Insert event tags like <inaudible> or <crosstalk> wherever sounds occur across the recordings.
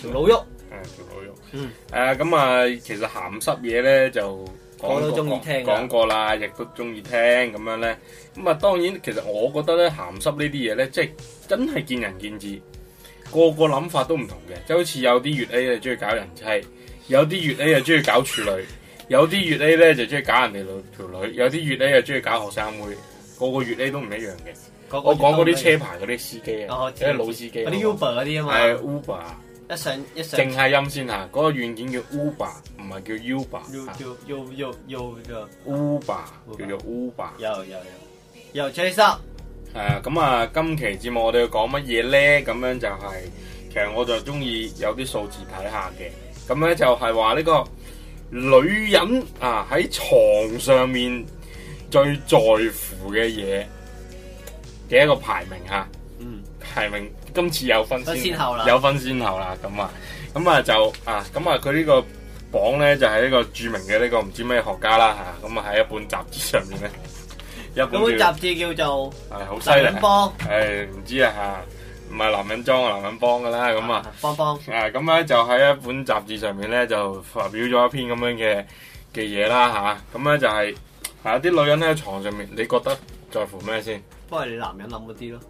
條老喐，誒條老喐，誒咁啊，其實鹹濕嘢咧就講都中意聽，講過啦，亦都中意聽咁樣咧。咁啊，當然其實我覺得咧鹹濕呢啲嘢咧，即係真係見仁見智，個個諗法都唔同嘅。即係好似有啲粵 A 啊，中意搞人妻；有啲粵 A 啊，中意搞處女；有啲粵 A 咧，就中意搞人哋條女；有啲粵 A 啊，中意搞學生妹。個個粵 A 都唔一樣嘅。我講嗰啲車牌嗰啲司機啊，即係、哦、老司機啲 Uber 啲啊嘛，係 Uber。一上一上，淨係音先吓，嗰、那個軟件叫，Uber，不是叫 Uber，Uber，唔係叫 Uber，叫叫叫叫叫叫 Uber，叫做 Uber，有有有有七十，係啊，咁啊、呃，今期節目我哋要講乜嘢咧？咁樣就係、是，其實我就中意有啲數字睇下嘅，咁咧就係話呢個女人啊喺、呃、床上面最在乎嘅嘢嘅一個排名吓，嗯，排名。今次有分先，先後有分先後啦，咁啊，咁啊就啊，咁啊佢呢個榜咧就係、是、一個著名嘅呢個唔知咩學家啦吓，咁啊喺一本雜誌上面咧，有本，本雜誌叫做，係好犀利，男人幫，係唔知啊吓，唔係男人裝、哎、啊男人幫噶啦，咁啊，幫幫，誒咁咧就喺一本雜誌上面咧就發表咗一篇咁樣嘅嘅嘢啦吓，咁咧就係，啊啲、就是啊、女人咧喺床上面，你覺得在乎咩先？不過你男人諗嗰啲咯。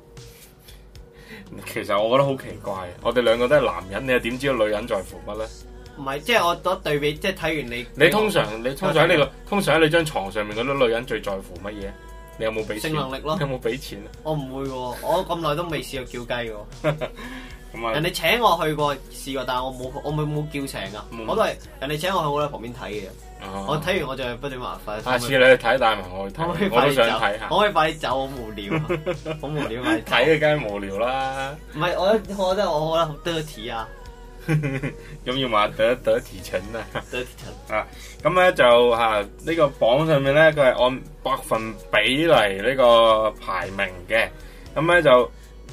其實我覺得好奇怪，我哋兩個都係男人，你又點知道女人在乎乜咧？唔係，即係我攞對比，即係睇完你，你。你通常在你在通常喺你個通常喺你張床上面嗰啲女人最在乎乜嘢？你有冇俾性能力咯？你有冇俾錢啊？我唔會喎，我咁耐都未試過叫雞嘅。咁啊！人哋請我去過試過，但係我冇我冇冇叫情噶，我，我、啊嗯、我都係人哋請我去，我喺旁邊睇嘅。我睇完我就係不斷麻煩。下次你去睇帶埋我，我都想睇下。我可以快啲走，好無聊，好無聊啊！睇嘅梗係無聊啦。唔係，我我覺得我我覺得好 dirty 啊。咁要話 dirty dirty 情啊？dirty 情啊。咁咧就吓呢個榜上面咧，佢係按百分比嚟呢個排名嘅。咁咧就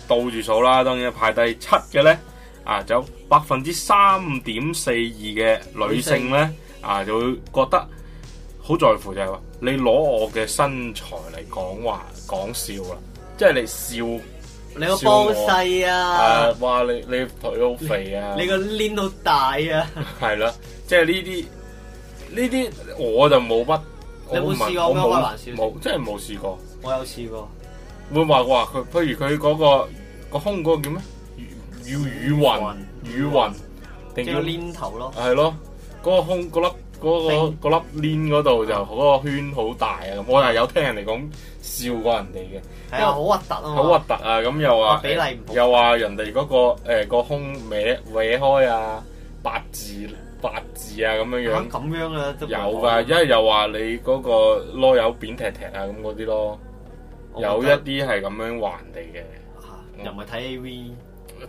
倒住數啦。當然要排第七嘅咧，啊，就有百分之三點四二嘅女性咧。啊，就會覺得好在乎就係話你攞我嘅身材嚟講話講笑,笑啊，即係你笑你個波細啊，哇！你你的腿好肥啊，你個攣到大啊，係、就、啦、是，即係呢啲呢啲我就冇乜，你冇試過咩話難笑冇，真係冇試過。試過我有試過，會話話佢，譬如佢嗰、那個個胸嗰個叫咩？要乳,乳,乳暈乳暈定雲雲叫攣頭咯，係咯。嗰個胸嗰粒嗰個嗰粒 l i n 嗰度就嗰、嗰個圈好大啊！咁我又有聽人哋講笑過人哋嘅，因為好核突啊好核突啊！咁、嗯啊啊、又話、啊、比例唔好，又話人哋嗰、嗰個誒、呃嗰個胸歪歪開啊，八字八字啊咁樣樣。嚇咁、啊、樣啊，有㗎，因為又話你嗰個囉柚扁踢踢啊咁嗰啲咯，有一啲係咁樣玩人哋嘅。啊、那又唔係睇 AV，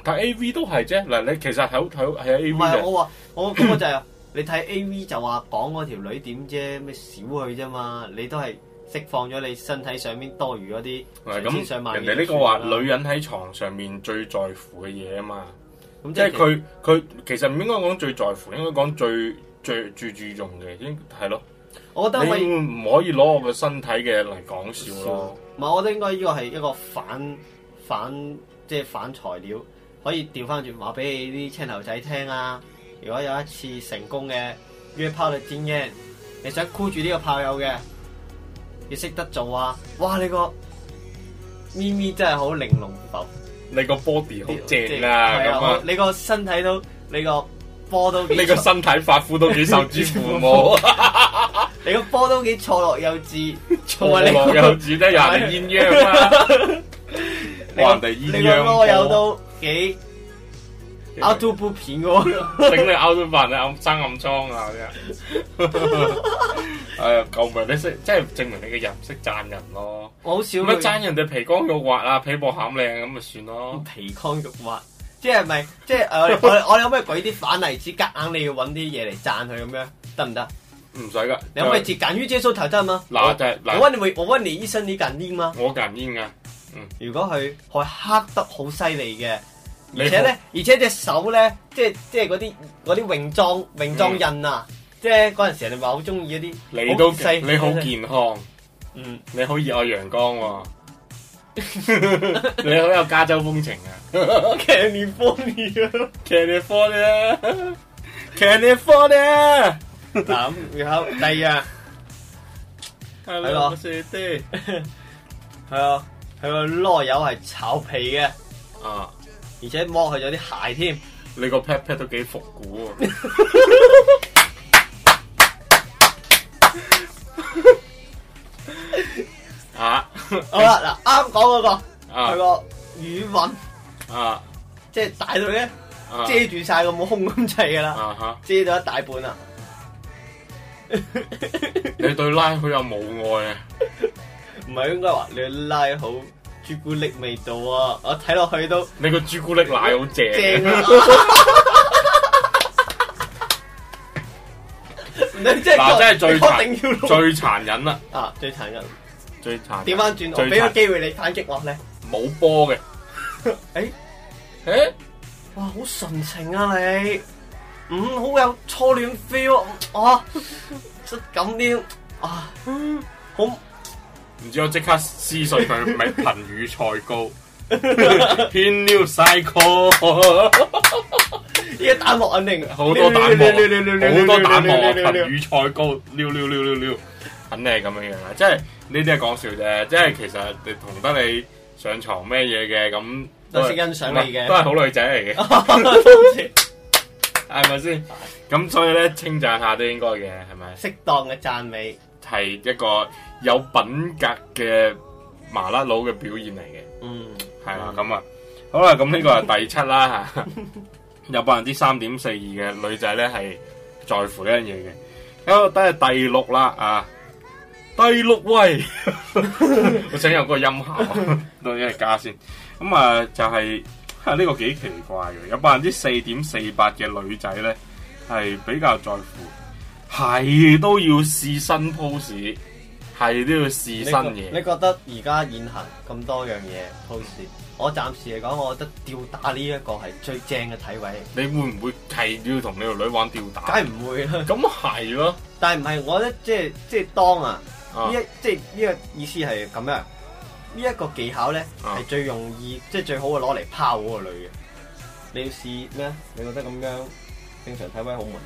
睇 AV 都係啫。嗱，你其實睇睇係 AV 嘅。唔係啊。我話，我講嘅就係。 <laughs> 你睇 A V 就話講嗰條女點啫，咩少佢啫嘛？你都係釋放咗你身體上面多餘嗰啲成千上萬、嗯、人哋呢個話，女人喺床上面最在乎嘅嘢啊嘛，即係佢佢其實唔應該講最在乎，應該講最最最注重嘅，應係咯。我覺得唔可以攞我嘅身體嘅嚟講笑咯。唔係，我覺得應該呢個係一個反反即係反材料，可以調翻轉話俾你啲青頭仔聽啊。如果有一次成功嘅約炮嚟戰嘅，你想箍住呢個炮友嘅，你識得做啊！哇，你、呢個咪咪真係好玲瓏浮，你個 body 好正啊！咁啊，你個身體都，你個波都幾， <laughs> 你個身體髮膚都幾受之父母， <laughs> <laughs> 你個波都幾錯落幼稚，錯 <laughs> 落幼稚有致咧，又係鴛鴦啦。 <laughs> 你個的你個炮友都幾～out to boot 片我整你 out to 飯你暗生暗瘡啊、 <laughs> <laughs> 哎！真係，誒，救命你識，即係證明你嘅人識讚人咯。我好少。咩讚人哋皮光肉滑啊，皮薄餡靚咁咪算咯？皮光肉滑，即係咪即係？誒，我哋可唔可以舉啲反例子？夾硬你要揾啲嘢嚟讚佢咁樣，得唔得？唔使噶，你可唔可以接近於接收頭得嘛！嗱我就係、是，我問你，你，我問你醫生你簡唔簡啊？我簡啊。嗯。如果佢佢黑得好犀利嘅。你而且咧，而且隻手咧，即係即係嗰啲嗰啲泳裝泳裝印啊！嗯、即係嗰陣時人哋話好中意嗰啲。你都細，也你好健康。嗯，你好熱愛陽光。你好有加州風情啊！California，California，California。咁，你好，第二。係咯，我食先，係啊，佢個蝦油係炒皮嘅。啊。而且摸佢有啲鞋添，你個 pat pat 都幾復古 <laughs> 啊！吓了，好啦，嗱，啱講嗰個，佢個語文，啊，啊即係大到咧，啊、遮住晒個冇胸咁細噶啦，啊、哈遮到一大半啊。你對拉佢有冇愛啊，唔係 <laughs> 應該話你要拉好。朱古力味道啊！我睇落去都你個朱古力奶好正。你真係最最殘忍啦！啊，最殘忍，最殘忍。點翻轉頭，我俾個機會你反擊我咧，冇波嘅。誒誒，哇，好純情啊你，嗯，好有初戀 feel 啊！咁啲啊，好。唔知道我即刻撕碎佢明貧乳菜糕，偏 new cycle，呢家彈幕肯定好多彈幕，好多彈幕貧乳菜糕，溜溜溜溜溜，肯定係咁樣樣啦，即係呢啲係講笑啫，即係其實同得你上床咩嘢嘅咁，都識欣賞你嘅，都係好女仔嚟嘅，係咪先？咁所以咧稱讚下都應該嘅，係咪？適當嘅讚美係一個。有品格嘅麻甩佬嘅表現嚟嘅，嗯，係啦，咁啊，好啦，咁呢個係第七啦吓， <laughs> 有百分之三點四二嘅女仔咧係在乎呢樣嘢嘅，啊，得係第六啦啊，第六位，我 <laughs> 想有嗰個音效，到底係加先，咁啊，就係呢個幾奇怪嘅，有百分之四點四八嘅女仔咧係比較在乎，係都要試新 pose。係都要試新嘢。你覺得而家現行咁多樣嘢，好試。我暫時嚟講，我覺得吊打呢一個係最正嘅體位。你會唔會係要同你個女玩吊打？梗係唔會啦。咁係咯。但係唔係我覺得、就是，即係即係當啊！呢即係呢個意思係咁樣。呢、這、一個技巧咧係、啊、最容易，即、就、係、是、最好攞嚟拋嗰個女嘅。你要試咩？你覺得咁樣正常體位好唔好？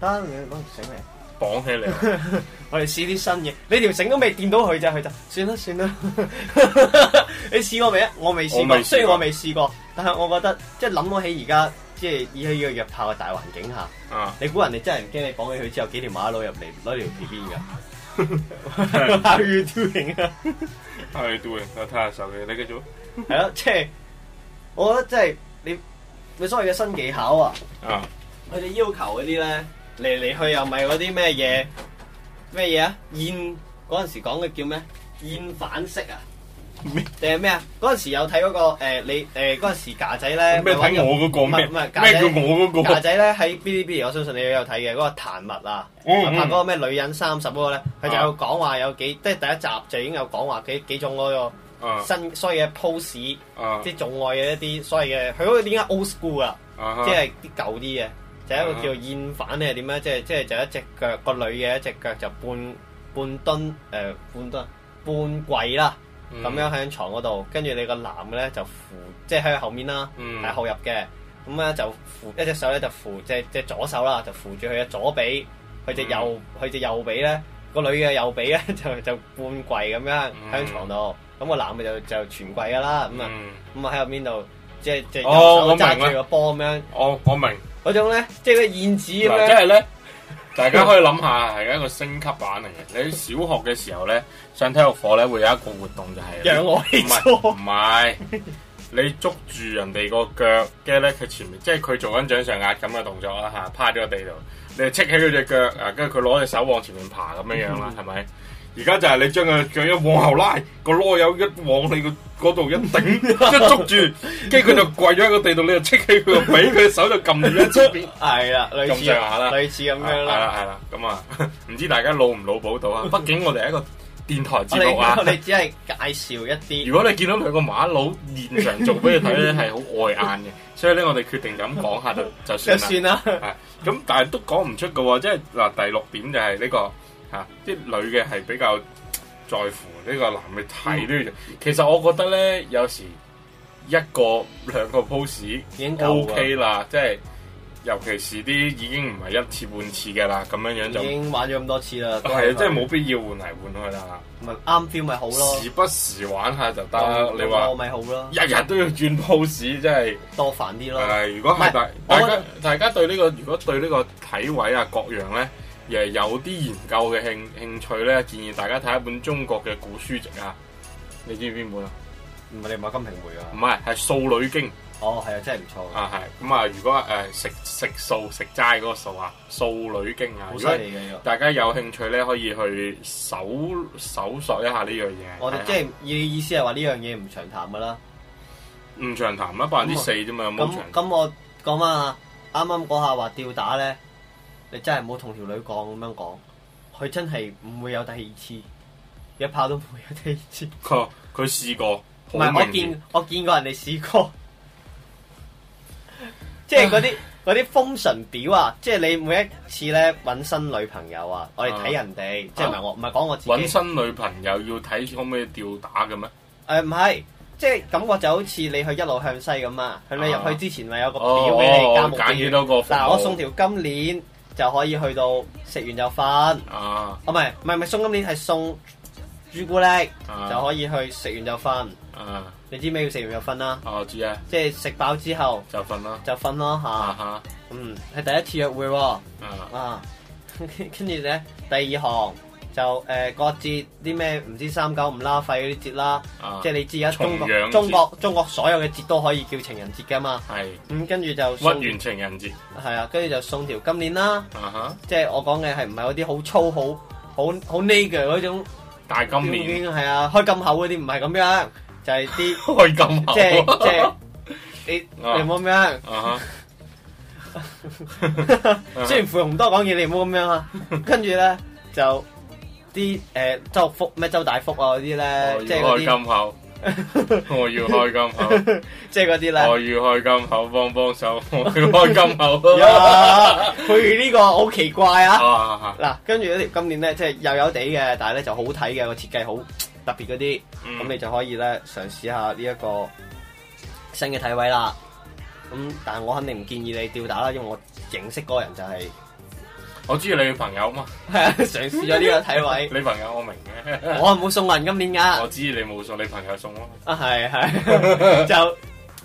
得你講醒未？綁起嚟， <laughs> <laughs> 我哋試啲新嘢。你條繩都未掂到佢啫，佢就算啦算啦。你試過未啊？我未試過。雖然我未試過，但係我覺得即係諗起而家即係依喺個約炮嘅大環境下，你估人哋真係唔驚你綁起佢之後幾條馬騮入嚟攞條皮鞭啊？How are you doing？你繼續，係啊，即係我覺得即係你你所謂嘅新技巧啊，佢哋要求嗰啲咧。嚟嚟去又唔係嗰啲咩嘢咩嘢啊？燕嗰陣時講嘅叫咩？燕反式？啊？定係咩啊？嗰陣時有睇嗰、那個誒、呃，你誒嗰陣時架仔咧咩？睇我嗰個咩？咩叫我個架仔咧？喺 Bilibili，我相信你都有睇嘅嗰個彈幕啊，彈嗰、嗯、個咩女人三十嗰個咧，佢就有講話、啊、有幾，即係第一集就已經有講話幾幾種嗰個新、啊、所謂嘅 pose，即係啲寵愛嘅一啲所謂嘅，佢嗰個點解 old school 啊哈？即係啲舊啲嘅。第一個叫做燕反咧，係點咧？即係即係就是、一隻腳個女嘅一隻腳就半半蹲誒，半蹲、呃、半、半跪啦，咁、嗯、樣喺床嗰度。跟住你個男嘅咧就扶，即係喺佢後面啦，係、嗯、後入嘅。咁咧就扶一隻手咧就扶，即係即係左手啦，就扶住佢嘅左臂。佢隻右佢隻、嗯、右臂咧，個女嘅右臂咧就就半跪咁樣喺床度。咁、嗯、個男嘅就就全跪噶啦。咁啊咁啊喺入邊度，即係即係右手揸住個波咁樣。哦，我明。嗰種咧，即係個燕子咁樣，即係咧，大家可以諗下係一個升級版嚟嘅。你小學嘅時候咧，上體育課咧，會有一個活動就係仰臥起坐，唔係唔係 <laughs> 你捉住人哋個腳，跟住咧佢前面，即係佢做緊掌上壓咁嘅動作啦，吓，趴喺個地度，你就翹起佢隻腳啊，跟住佢攞隻手往前面爬咁樣樣啦，係咪、嗯？是而家就係你將個腳一往後拉，個囉柚一往你個嗰度一頂，一捉住，跟住佢就跪咗喺個地度，你就撐起佢個鼻，佢手就撳住喺出邊。係啦， <laughs> 類似下啦，類似咁樣啦。 <laughs> 係啦，係啦，咁啊，唔知大家腦唔腦補到啊？畢 <laughs> 竟我哋係一個電台節目啊。 <laughs> 我哋只係介紹一啲。如果你見到佢個馬佬現場做俾你睇咧，係好 <laughs> 礙眼嘅。所以咧，我哋決定就咁講下就就就算啦。係咁 <laughs> 了，但係都講唔出噶，即係嗱，第六點就係呢個。嚇！啲女嘅係比較在乎呢個男嘅睇呢樣，其實我覺得咧，有時一個兩個 pose 已經 OK 啦，即係尤其是啲已經唔係一次半次嘅啦，咁樣樣就已經玩咗咁多次啦，係啊，即係冇必要換嚟換去啦。咪啱 feel 咪好咯，時不時玩下就得。你話我咪好咯，日日都要轉 pose，真係多煩啲咯。誒、呃，如果係大大家大家，大家對呢、呢個如果對呢個體位啊各樣咧？有啲研究嘅興興趣咧，建議大家睇一本中國嘅古書籍啊。你知唔知邊本啊？唔係你唔係《金瓶梅》啊？唔、呃、係，係《素女經》。哦，係啊，真係唔錯啊。係。咁啊，如果誒食食素食齋嗰個素啊，《素女經》啊，好犀利嘅。大家有興趣咧，可以去搜搜索一下呢樣嘢。我哋的的即係意意思係話呢樣嘢唔長談噶啦。唔長談啦，百分之四啫嘛。那我有冇咁咁，那那我講翻下，啱啱嗰下話吊打咧。你真係唔好同條女講咁樣講，佢真係唔會有第二次，一炮都唔會有第二次。佢佢試過，唔係我見我見過人哋試過，即係嗰啲嗰啲封神表啊！即、就、係、是、你每一次咧揾新女朋友啊，我哋睇人哋，啊、即係唔係我唔係講我自己。揾新女朋友要睇可唔可以吊打嘅咩？誒、呃，唔係，即、就、係、是、感覺就好似你去一路向西咁啊！佢咪入去之前咪有個表俾、哦、你、哦？揀幾多個。嗱，我送條金鏈。就可以去到食完就瞓，啊、哦，唔係唔係唔係送金鏈，係送朱古力，啊、就可以去食完就瞓。啊、你知咩叫食完就瞓啦？哦，知啊。即係食飽之後就瞓分啦就瞓咯吓。啊啊、嗯，係第一次約會啊啊啊，啊，跟住咧第二項。就各國節啲咩唔知三九五啦費嗰啲節啦，即係你知家中國、中國、中國所有嘅節都可以叫情人節㗎嘛。係。咁跟住就屈完情人節。係啊，跟住就送條金鏈啦。即係我講嘅係唔係嗰啲好粗好好好 n i 嗰種大金鏈？已經係啊，開咁口嗰啲唔係咁樣，就係啲開金口。即即你你唔好咁樣雖雖然芙蓉多講嘢，你唔好咁樣啊！跟住咧就。啲誒周福咩周大福啊嗰啲咧，即係開金口，我要開金口，即係嗰啲咧，我要開金口，幫幫手我要開金口。佢呢個好奇怪啊！嗱，跟住咧今年咧，即係幼幼地嘅，但係咧就好睇嘅，個設計好特別嗰啲，咁、嗯、你就可以咧嘗試下呢一個新嘅體位啦。咁但係我肯定唔建議你吊打啦，因為我認識嗰個人就係、是。我知你朋友嘛？係啊，嘗試咗呢個體位。你朋友我明嘅，我係冇送人今年噶。我知你冇送，你朋友送咯。啊係係，就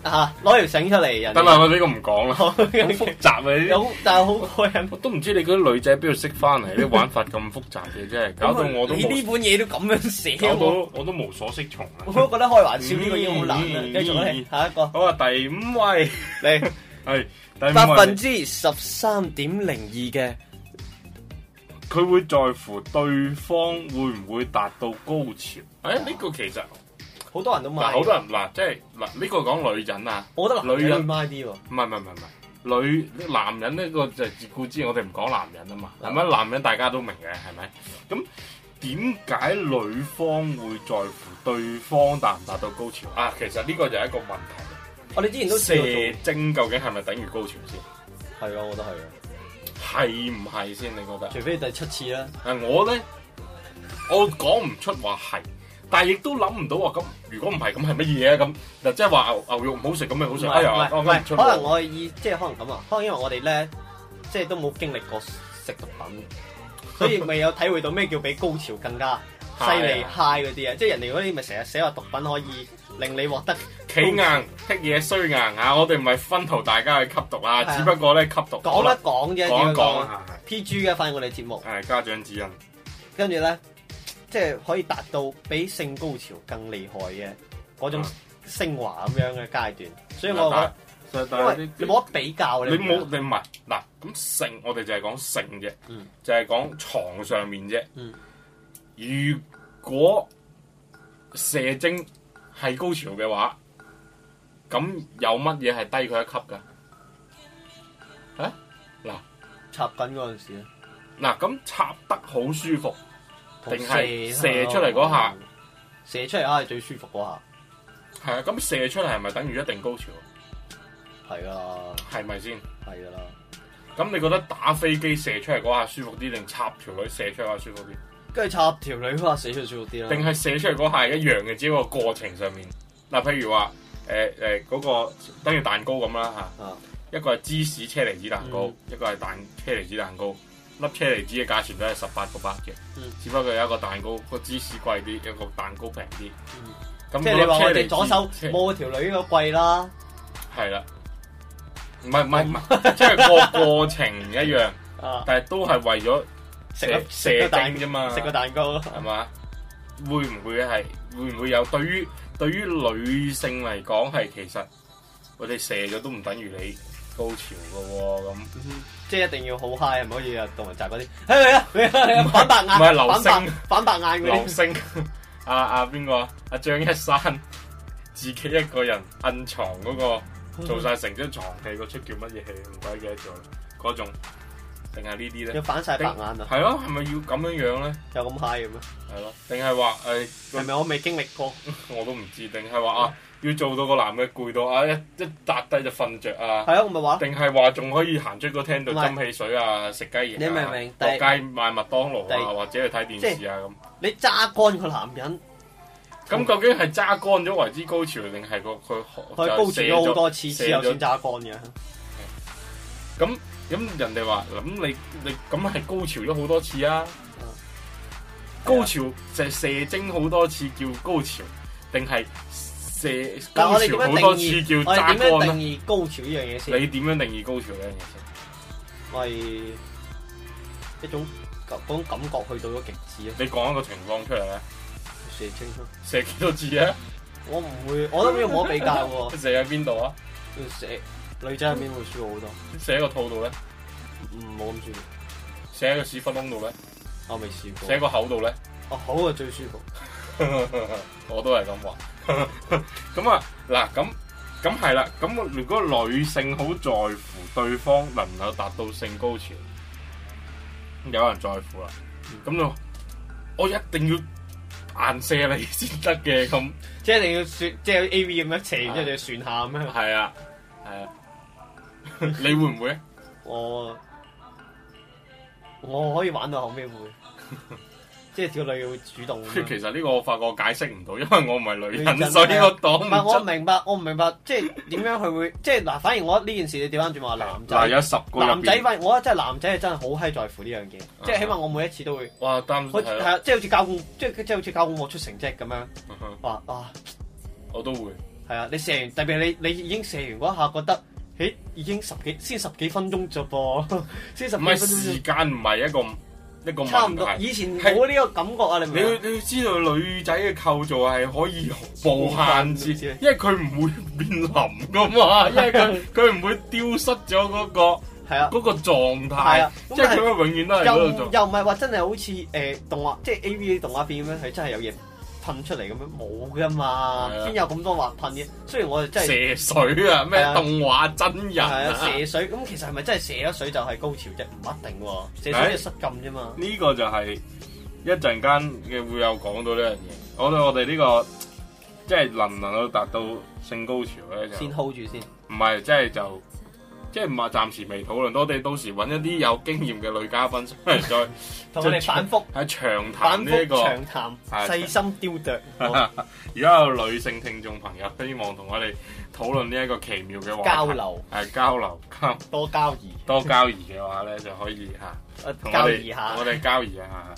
啊攞條繩出嚟人。但係我呢個唔講啦，好複雜啊！有但係好開心。都唔知你嗰啲女仔邊度識翻嚟？啲玩法咁複雜嘅，真係搞到我都。你呢本嘢都咁樣寫，搞到我都無所適從啊！我都覺得開玩笑呢個已經好難啦。繼續嚟下一個。好啊，第五位你係百分之十三點零二嘅。佢會在乎對方會唔會達到高潮？誒、哎，呢、這個其實好、啊、多人都問，好多人嗱，即係嗱，呢、這個講女人啊，我覺得男人女人唔係唔係唔係唔係，女男人呢、這個就自顧之，我哋唔講男人啊嘛，係咪、啊？男人大家都明嘅，係咪？咁點解女方會在乎對方達唔達到高潮啊？其實呢個就係一個問題。我哋、啊、之前都射精，究竟係咪等於高潮先？係啊，我覺得係啊。係唔係先？你覺得？除非第七次啦。誒，我咧，我講唔出話係， <laughs> 但係亦都諗唔到話咁。如果唔係咁，係乜嘢咧？咁嗱，即係話牛牛肉唔好食，咁咪好食。唔係，唔係。可能我意即係可能咁啊？可能因為我哋咧，即係都冇經歷過食毒品，所以未有體會到咩叫比高潮更加。犀利 high 嗰啲啊，即係人哋嗰啲咪成日寫話毒品可以令你獲得企硬吃嘢衰硬啊！我哋唔係分頭大家去吸毒啊，只不過咧吸毒講一講啫，點講？P G 嘅，反正我哋節目係家長指引。跟住咧，即係可以達到比性高潮更厲害嘅嗰種升華咁樣嘅階段，所以我覺得，因為你冇得比較，你冇，你唔係嗱咁性，我哋就係講性嘅，就係講床上面啫。如果射精係高潮嘅話，咁有乜嘢係低佢一級噶啊嗱插緊嗰陣時咧嗱，咁、啊、插得好舒服，定係射出嚟嗰下？射、嗯、出嚟啊，係最舒服嗰下。係啊，咁射出嚟係咪等於一定高潮？係啊的，係咪先？係噶啦。咁你覺得打飛機射出嚟嗰下舒服啲，定插條女射出嚟嗰下舒服啲？跟住插條女，佢話寫出少啲啦。定係寫出嚟嗰下係一樣嘅，只不過過程上面嗱，譬如話誒誒嗰個，等於蛋糕咁啦嚇。一個係芝士車厘子蛋糕，一個係蛋車厘子蛋糕，粒車厘子嘅價錢都係十八個八嘅，只不過有一個蛋糕個芝士貴啲，一個蛋糕平啲。即係你話我哋左手冇條女咁貴啦。係啦，唔係唔係唔係，即係個過程唔一樣，但係都係為咗。食粒射精啫嘛，食個蛋糕係嘛？會唔會係會唔會有？對於對於女性嚟講，係其實我哋射咗都唔等於你高潮㗎喎、哦。咁、嗯、即係一定要好 high，唔可以啊杜汶澤嗰啲。哎呀，你啊，你啊，你啊是反白眼，唔係流反白，反白眼嗰啲。流星阿阿邊個？阿、啊、張一山自己一個人暗藏嗰、那個做晒成出床戲，嗰、那、出、個、叫乜嘢戲？唔鬼記得咗啦，嗰種。定係呢啲咧？要反晒白眼啊！係咯，係咪要咁樣樣咧？就咁 high 嘅咩？係咯。定係話誒？明明我未經歷過？我都唔知。定係話啊？要做到個男嘅攰到啊！一一笪低就瞓着啊！係咯，唔係話。定係話仲可以行出個廳度斟汽水啊，食雞翼。你明唔明？落街買麥當勞啊，或者去睇電視啊咁。你揸乾個男人？咁究竟係揸乾咗為之高潮，定係個佢？佢高潮咗好多次之後先揸乾嘅。咁。咁人哋話咁你你咁係高潮咗好多次啊？嗯、高潮就係射精好多次叫高潮，是定係射高潮好多次叫揸杆，我哋點樣定義？高潮呢樣嘢先？你點樣定義高潮呢樣嘢先？係一種嗰種感覺去到咗極致啊！你講一個情況出嚟咧，射精啦、啊，射幾多次啊？我唔會，我都要我比較喎。射喺邊度啊？要射、 <laughs> 啊。女仔入面會舒服好多，寫個套度咧，唔好咁舒服；寫喺個屎忽窿度咧，我未試過；寫個口度咧，哦，好啊，最舒服。我都係咁話。咁啊，嗱，咁咁係啦。咁如果女性好在乎對方能唔能達到性高潮，有人在乎啦。咁就我一定要硬射你先得嘅。咁即係一定要旋，即係 A V 咁一齊，即係要旋下咁樣。係啊，係啊。你會唔會咧？我我可以玩到後尾會，即係個女會主動。其實呢個我發覺解釋唔到，因為我唔係女人，所以我當唔係我唔明白，我唔明白，即係點樣佢會，即係嗱，反而我呢件事你調翻轉話男仔，有十個男仔，反而我覺得真係男仔係真係好閪在乎呢樣嘢，即係起碼我每一次都會哇擔，係啊，即係好似教務，即係即係好似教務我出成績咁樣，哇我都會係啊，你射完，特別你你已經射完嗰下，覺得。誒、欸，已經十幾先十幾分鐘啫噃，先十幾分鐘。唔係時間唔係一個一個問題。差唔多以前冇呢個感覺啊，是你明唔明你要你要知道女仔嘅構造係可以無限、嗯、因為佢唔會變腍噶嘛， <laughs> 因為佢佢唔會丟失咗嗰、那個係啊，嗰個狀態，即係佢永遠都係嗰又唔係話真係好似誒、呃、動畫，即、就、係、是、A V 動畫片咁樣？佢真係有嘢。噴出嚟咁樣冇㗎嘛，邊、啊、有咁多話噴嘅？雖然我哋真係射水啊，咩、 <laughs> 啊、動畫真人啊，射、啊、水咁、嗯、其實係咪真係射咗水就係高潮啫？唔一定喎，射水要失禁啫嘛。呢、欸這個就係、是、一陣間嘅會有講到呢樣嘢。我覺得我哋呢個即係、就是、能唔能夠達到性高潮咧，就先 hold 住先。唔係，即、就、係、是、就。即係唔係暫時未討論，我哋到時揾一啲有經驗嘅女嘉賓出嚟，再同 <laughs> 我哋反覆喺長談呢一個細談對心雕琢。如果 <laughs> 有女性聽眾朋友，希望同我哋討論呢一個奇妙嘅話，交流，係交流，多交誼，多交誼嘅話咧就可以吓， <laughs> 我哋交誼下、下。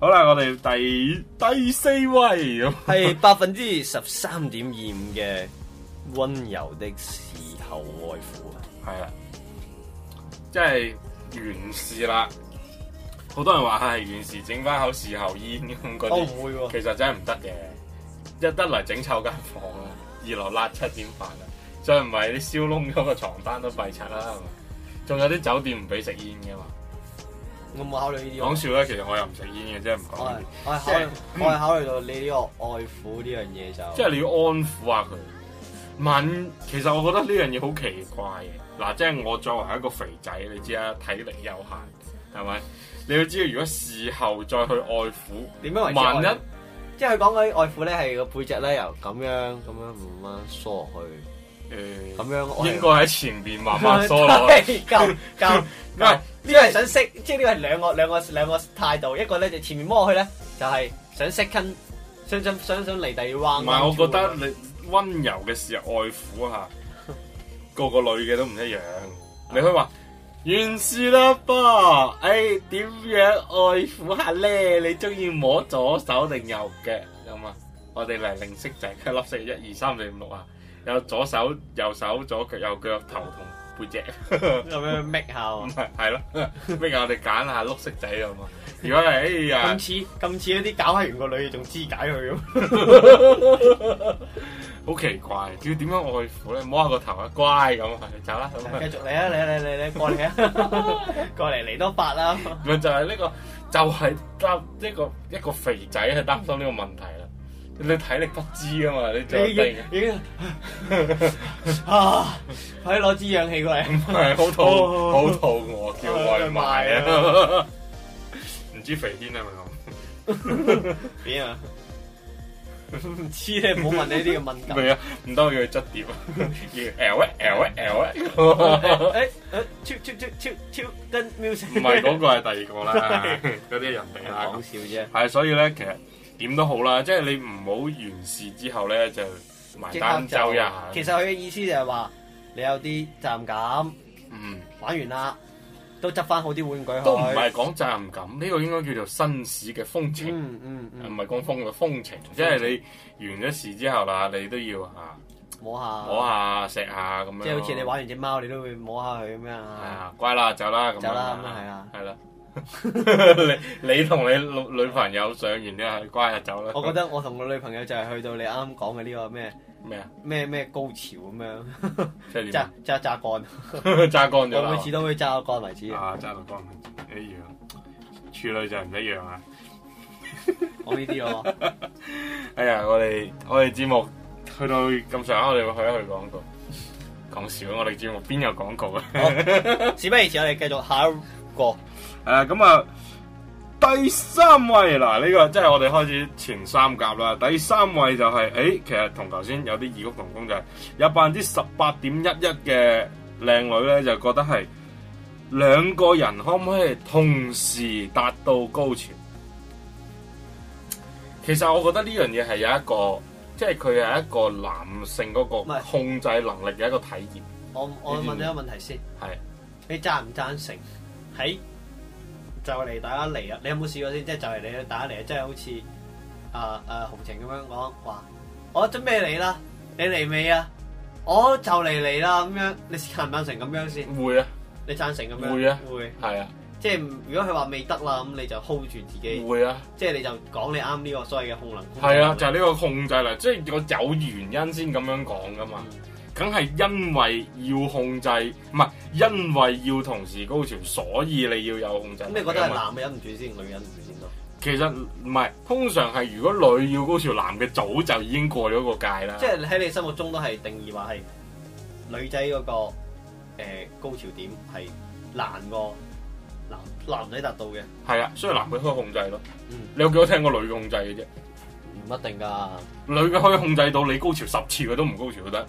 好啦，我哋第第四位係百分之十三點二五嘅溫柔的時候愛撫。係啦，即係完事啦。好多人話係完事整翻口事後煙咁嗰啲，不的其實真係唔得嘅。一得嚟整臭間房啊，二來邋七點煩啊，再唔係啲燒窿咗個床單都廢陳啦，係咪？仲有啲酒店唔俾食煙嘅嘛？我冇考慮呢啲。講笑啦，其實我又唔食煙嘅，真係唔講。是是我係考，我係考慮到你呢個愛撫呢樣嘢就，即係你要安撫下佢。問，其實我覺得呢樣嘢好奇怪嘅。嗱，即係我作為一個肥仔，你知啦，體力有限，係咪？你要知道，如果事後再去愛撫，點樣為之？萬一即係佢講嗰啲愛撫咧，係個背脊咧，又咁樣咁樣慢慢梳落去，誒，咁樣應該喺前邊慢慢梳落去。夠夠，唔係呢個係想識，即係呢個係兩個兩個兩個態度。一個咧就前面摸落去咧，就係想識親，想想想想嚟第二彎。唔係，我覺得你温柔嘅時候愛撫嚇。個個女嘅都唔一樣，你會說吧，哎怎樣愛呢，你可以話完事啦噃，誒，點樣愛撫下咧？你中意摸左手定右腳咁啊？我哋嚟零色仔，一粒色一二三四五六啊，有左手、右手、左腳、右腳、頭同背脊，咁樣搣下唔係，係咯，搣下我哋揀下碌色仔咁啊。如果係哎呀，咁似咁似啲搞閪完個女，仲肢解佢咁，好奇怪。要點樣安撫咧？摸下個頭啊，乖咁走啦。繼續嚟啊，嚟嚟嚟嚟，過嚟啊，過嚟嚟多八啦。咪就係呢個，就係得一個即係一個肥仔去擔心呢個問題啦。你體力不支啊嘛，你就已經可以攞支氧氣過嚟。唔係好肚好肚餓，叫外賣啊。唔知肥軒係咪講？點 <laughs> 啊？黐咧， <laughs> 唔好問呢啲嘅敏感。唔係啊，唔得我要去質點啊！L 喂，L 喂，L 喂！誒 music。唔係嗰個係第二個啦，嗰啲 <laughs> 人哋啦。講笑啫。係，所以咧，其實點都好啦，即係、就是、你唔好完事之後咧，就埋單周日。其實佢嘅意思就係、是、話，你有啲責任感，嗯，玩完啦。都執翻好啲玩具，都唔係講責任感，呢個應該叫做紳士嘅風情，唔係講風嘅風情，風情即係你完咗事之後啦，你都要啊摸下摸下錫下咁樣，即係好似你玩完隻貓，你都會摸下佢咁樣，乖啦走啦咁，走啦咁樣係啊，係啦。樣 <laughs> <laughs> 你你同你女朋友上完呢，後，乖日走啦。我覺得我同我女朋友就係去到你啱啱講嘅呢個咩咩啊咩咩高潮咁樣，樣， <laughs> 炸扎扎乾扎乾每次都會扎、啊、到乾為止。啊扎到乾為止，一樣處女就係唔一樣啊。講呢啲我哎呀，我哋我哋節目去到咁上下，我哋會去一去廣告。講笑，我哋節目邊有廣告啊？好 <laughs> 事不宜遲，我哋繼續下一個。誒，咁啊、呃嗯，第三位嗱，呢、這個即係我哋開始前三甲啦。第三位就係、是，誒，其實同頭先有啲異曲同工就係，有百分之十八點一一嘅靚女咧，就覺得係兩個人可唔可以同時達到高潮？其實我覺得呢樣嘢係有一個，即係佢係一個男性嗰個控制能力嘅一個體驗是。我我問你一個問題先，係是你贊唔贊成喺？是就嚟大家嚟啊！你有冇試過先？即係就嚟你咧，大家嚟啊！即係好似啊啊紅情咁樣講，嘩，我準備嚟啦，你嚟未啊？我就嚟嚟啦咁樣，你肯唔肯成咁樣先？會啊！你贊成咁樣？會啊！會，係啊！即係如果佢話未得啦，咁你就 hold 住自己。會啊！即係你就講你啱呢個所謂嘅控能。係啊！就係、是、呢個控制啦，即係我有原因先咁樣講㗎嘛。梗係因為要控制，唔係因為要同時高潮，所以你要有控制。咁你覺得係男嘅忍唔住先，女忍唔住先咯？其實唔係，通常係如果女要高潮，男嘅早就已經過咗個界啦。即係喺你心目中都係定義話係女仔嗰、嗰個、呃、高潮點係難過男男仔達到嘅。係啊，所以男嘅可以控制咯。嗯、你有幾多聽過女嘅控制嘅啫？唔一定㗎，女嘅可以控制到你高潮十次，佢都唔高潮都得。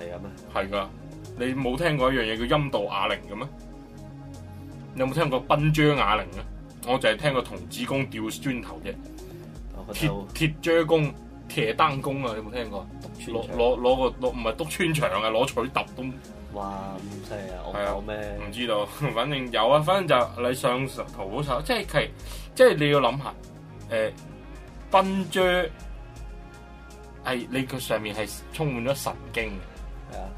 係啊咩？係噶，你冇聽過一樣嘢叫陰道啞鈴嘅咩？你有冇聽過繃張啞鈴咧？我就係聽過童子功吊磚頭啫，鐵鐵張功、騎單功啊！你有冇聽過？攞攞攞個唔係督穿牆啊？攞鎚揼咚。都哇咁犀利啊！我講咩？唔知道，反正有啊，反正就你上淘寶搜，即係其即係你要諗下，誒、呃，繃張係你個上面係充滿咗神經嘅。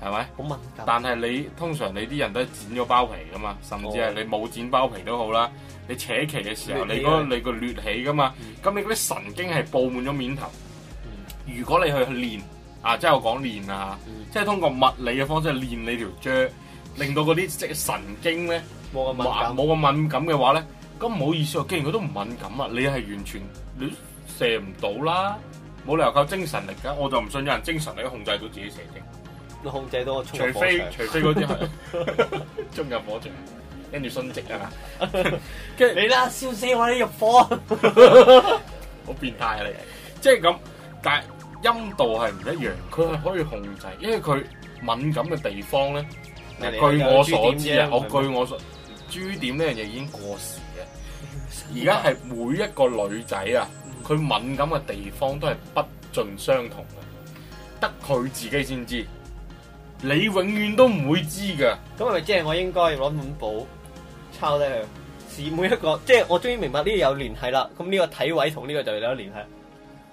係咪？好敏感。但係你通常你啲人都係剪咗包皮噶嘛，甚至係你冇剪包皮都好啦。你扯旗嘅時候，的你嗰、那個、你嗰個捋起噶嘛，咁、嗯、你嗰啲神經係布滿咗面頭。如果你去去練，啊，即係我講練啊，嗯、即係通過物理嘅方式去練你條腳，嗯、令到嗰啲即神經咧，冇咁敏感，冇咁敏感嘅話咧，咁唔好意思啊，我既然佢都唔敏感啊，你係完全你射唔到啦，冇理由靠精神力噶，我就唔信有人精神力控制到自己射精。控制到我除，除非除非嗰啲係衝入火場，跟住殉職啊！跟住你啦，燒死我啲入火，好變態啊！你即係咁，但係陰道係唔一樣，佢係可以控制，因為佢敏感嘅地方咧， <laughs> 據我所知啊， <laughs> 我據我所，豬 <laughs> 點呢樣嘢已經過時嘅，而家係每一個女仔啊，佢 <laughs> 敏感嘅地方都係不盡相同嘅，得佢自己先知。你永遠都唔會知嘅，咁係咪即係我應該攞本簿抄低佢？是每一個，即、就、係、是、我終於明白呢個有聯繫啦。咁呢個體位同呢個就有聯繫。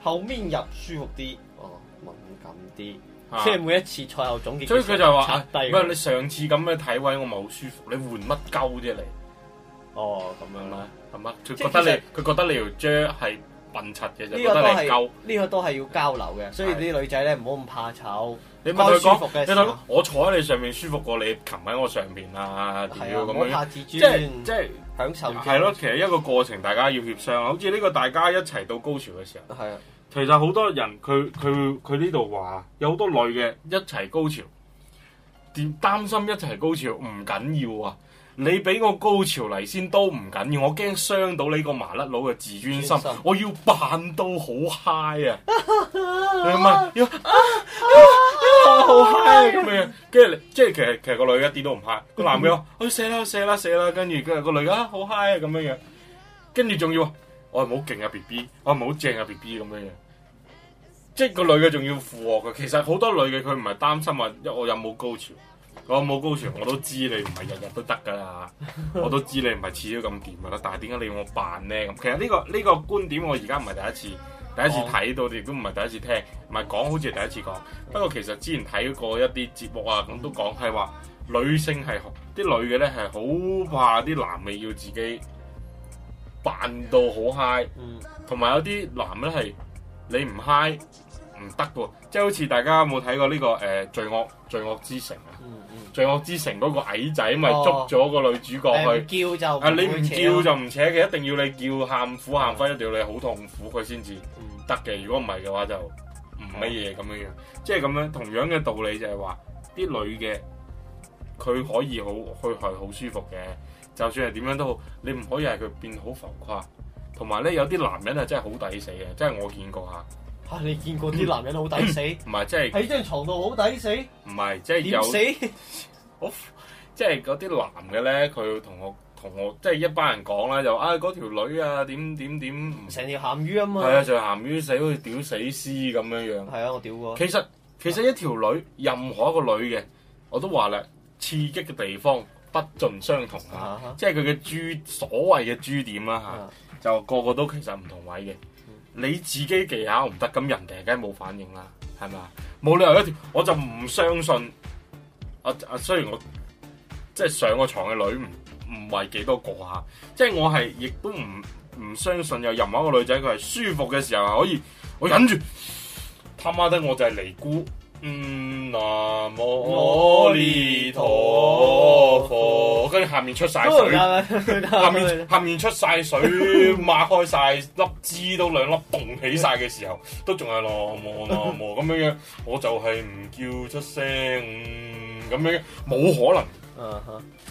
後面入舒服啲，哦，敏感啲，啊、即係每一次賽後總結。所以佢就話，唔係你上次咁嘅體位，我咪好舒服。你換乜鳩啫？你？哦，咁樣啦，咁啊，佢即覺得你，佢實覺得你條脹係笨柒嘅，這個都就覺得你鳩。呢個都係要交流嘅，所以啲女仔咧唔好咁怕醜。你咪同佢講，啊、你睇我坐喺你上面舒服過你擒喺我上面啊，要咁樣，啊，樣，即係即係享受、啊。係咯，其實一個過程，大家要協商。好似呢個大家一齊到高潮嘅時候，係啊，其實好多人佢佢佢呢度話有好多女嘅一齊高潮，點擔心一齊高潮唔緊要啊！你俾我高潮嚟先都唔緊要，我驚傷到你個麻甩佬嘅自尊心。尊心，我要扮到好 high 啊！唔、嗯、啊，好 high 咁、啊、樣樣。跟住即係其實其實個女一啲都唔 high，個男嘅，我要射啦射啦射啦！跟住跟住個女啊好 high 咁樣樣。跟住仲要我係好勁啊 B B，我係好正啊 B B 咁樣樣。即係個女嘅仲要附和嘅，其實好多女嘅佢唔係擔心啊，因為我有冇高潮？我冇高潮，我都知你唔係日日都得噶啦，我都知你唔係始終咁掂噶啦。但係點解你要我扮呢？咁其實呢個呢個觀點我而家唔係第一次，第一次睇到亦都唔係第一次聽，唔係講好似係第一次講。不過其實之前睇過一啲節目啊，咁都講係話女性係啲女嘅咧係好怕啲男嘅要自己扮到好嗨，同埋有啲男咧係你唔嗨唔得嘅喎。即係好似大家有冇睇過呢個誒《罪惡罪惡之城》？罪惡之城嗰個矮仔咪捉咗個女主角去，哦、唔叫就唔請，啊你唔叫就唔請嘅，一定要你叫喊苦喊屈，苦嗯、一定要你好痛苦佢先至得嘅。如果唔係嘅話就唔乜嘢咁樣、嗯、樣，即係咁樣同樣嘅道理就係話啲女嘅佢可以好去係好舒服嘅，就算係點樣都好，你唔可以係佢變好浮誇。同埋咧有啲男人係真係好抵死嘅，真係我見過嚇。嚇、啊！你見過啲男人好抵死？唔係，即係喺張床度好抵死？唔係，即、就、係、是、有。死？哦， <laughs> 即係嗰啲男嘅咧，佢同我同我，即、就、係、是、一班人講啦，就：哎「啊嗰條女啊，點點點，成條鹹魚啊嘛，係啊，就是、鹹魚死好似屌死屍咁樣樣。係啊，我屌過。其實其實一條女，任何一個女嘅，我都話啦，刺激嘅地方不盡相同啊，即係佢嘅珠所謂嘅珠點啦嚇，uh huh. 就個個都其實唔同位嘅。你自己技巧唔得，咁人哋梗係冇反應啦，係咪啊？冇理由一條，我就唔相信。阿、啊、阿、啊、雖然我即係上過床嘅女唔唔係幾多個吓，即係我係亦都唔唔相信有任何一個女仔佢係舒服嘅時候可以我忍住，他媽得，我就係尼姑。嗯，嗱摩我彌陀佛，跟住下面出晒水，下面下面出晒水，抹開晒粒枝都兩粒凍起晒嘅時候，都仲係嗱摩嗱摩。咁樣樣，我就係唔叫出聲咁樣，冇可能。 <laughs>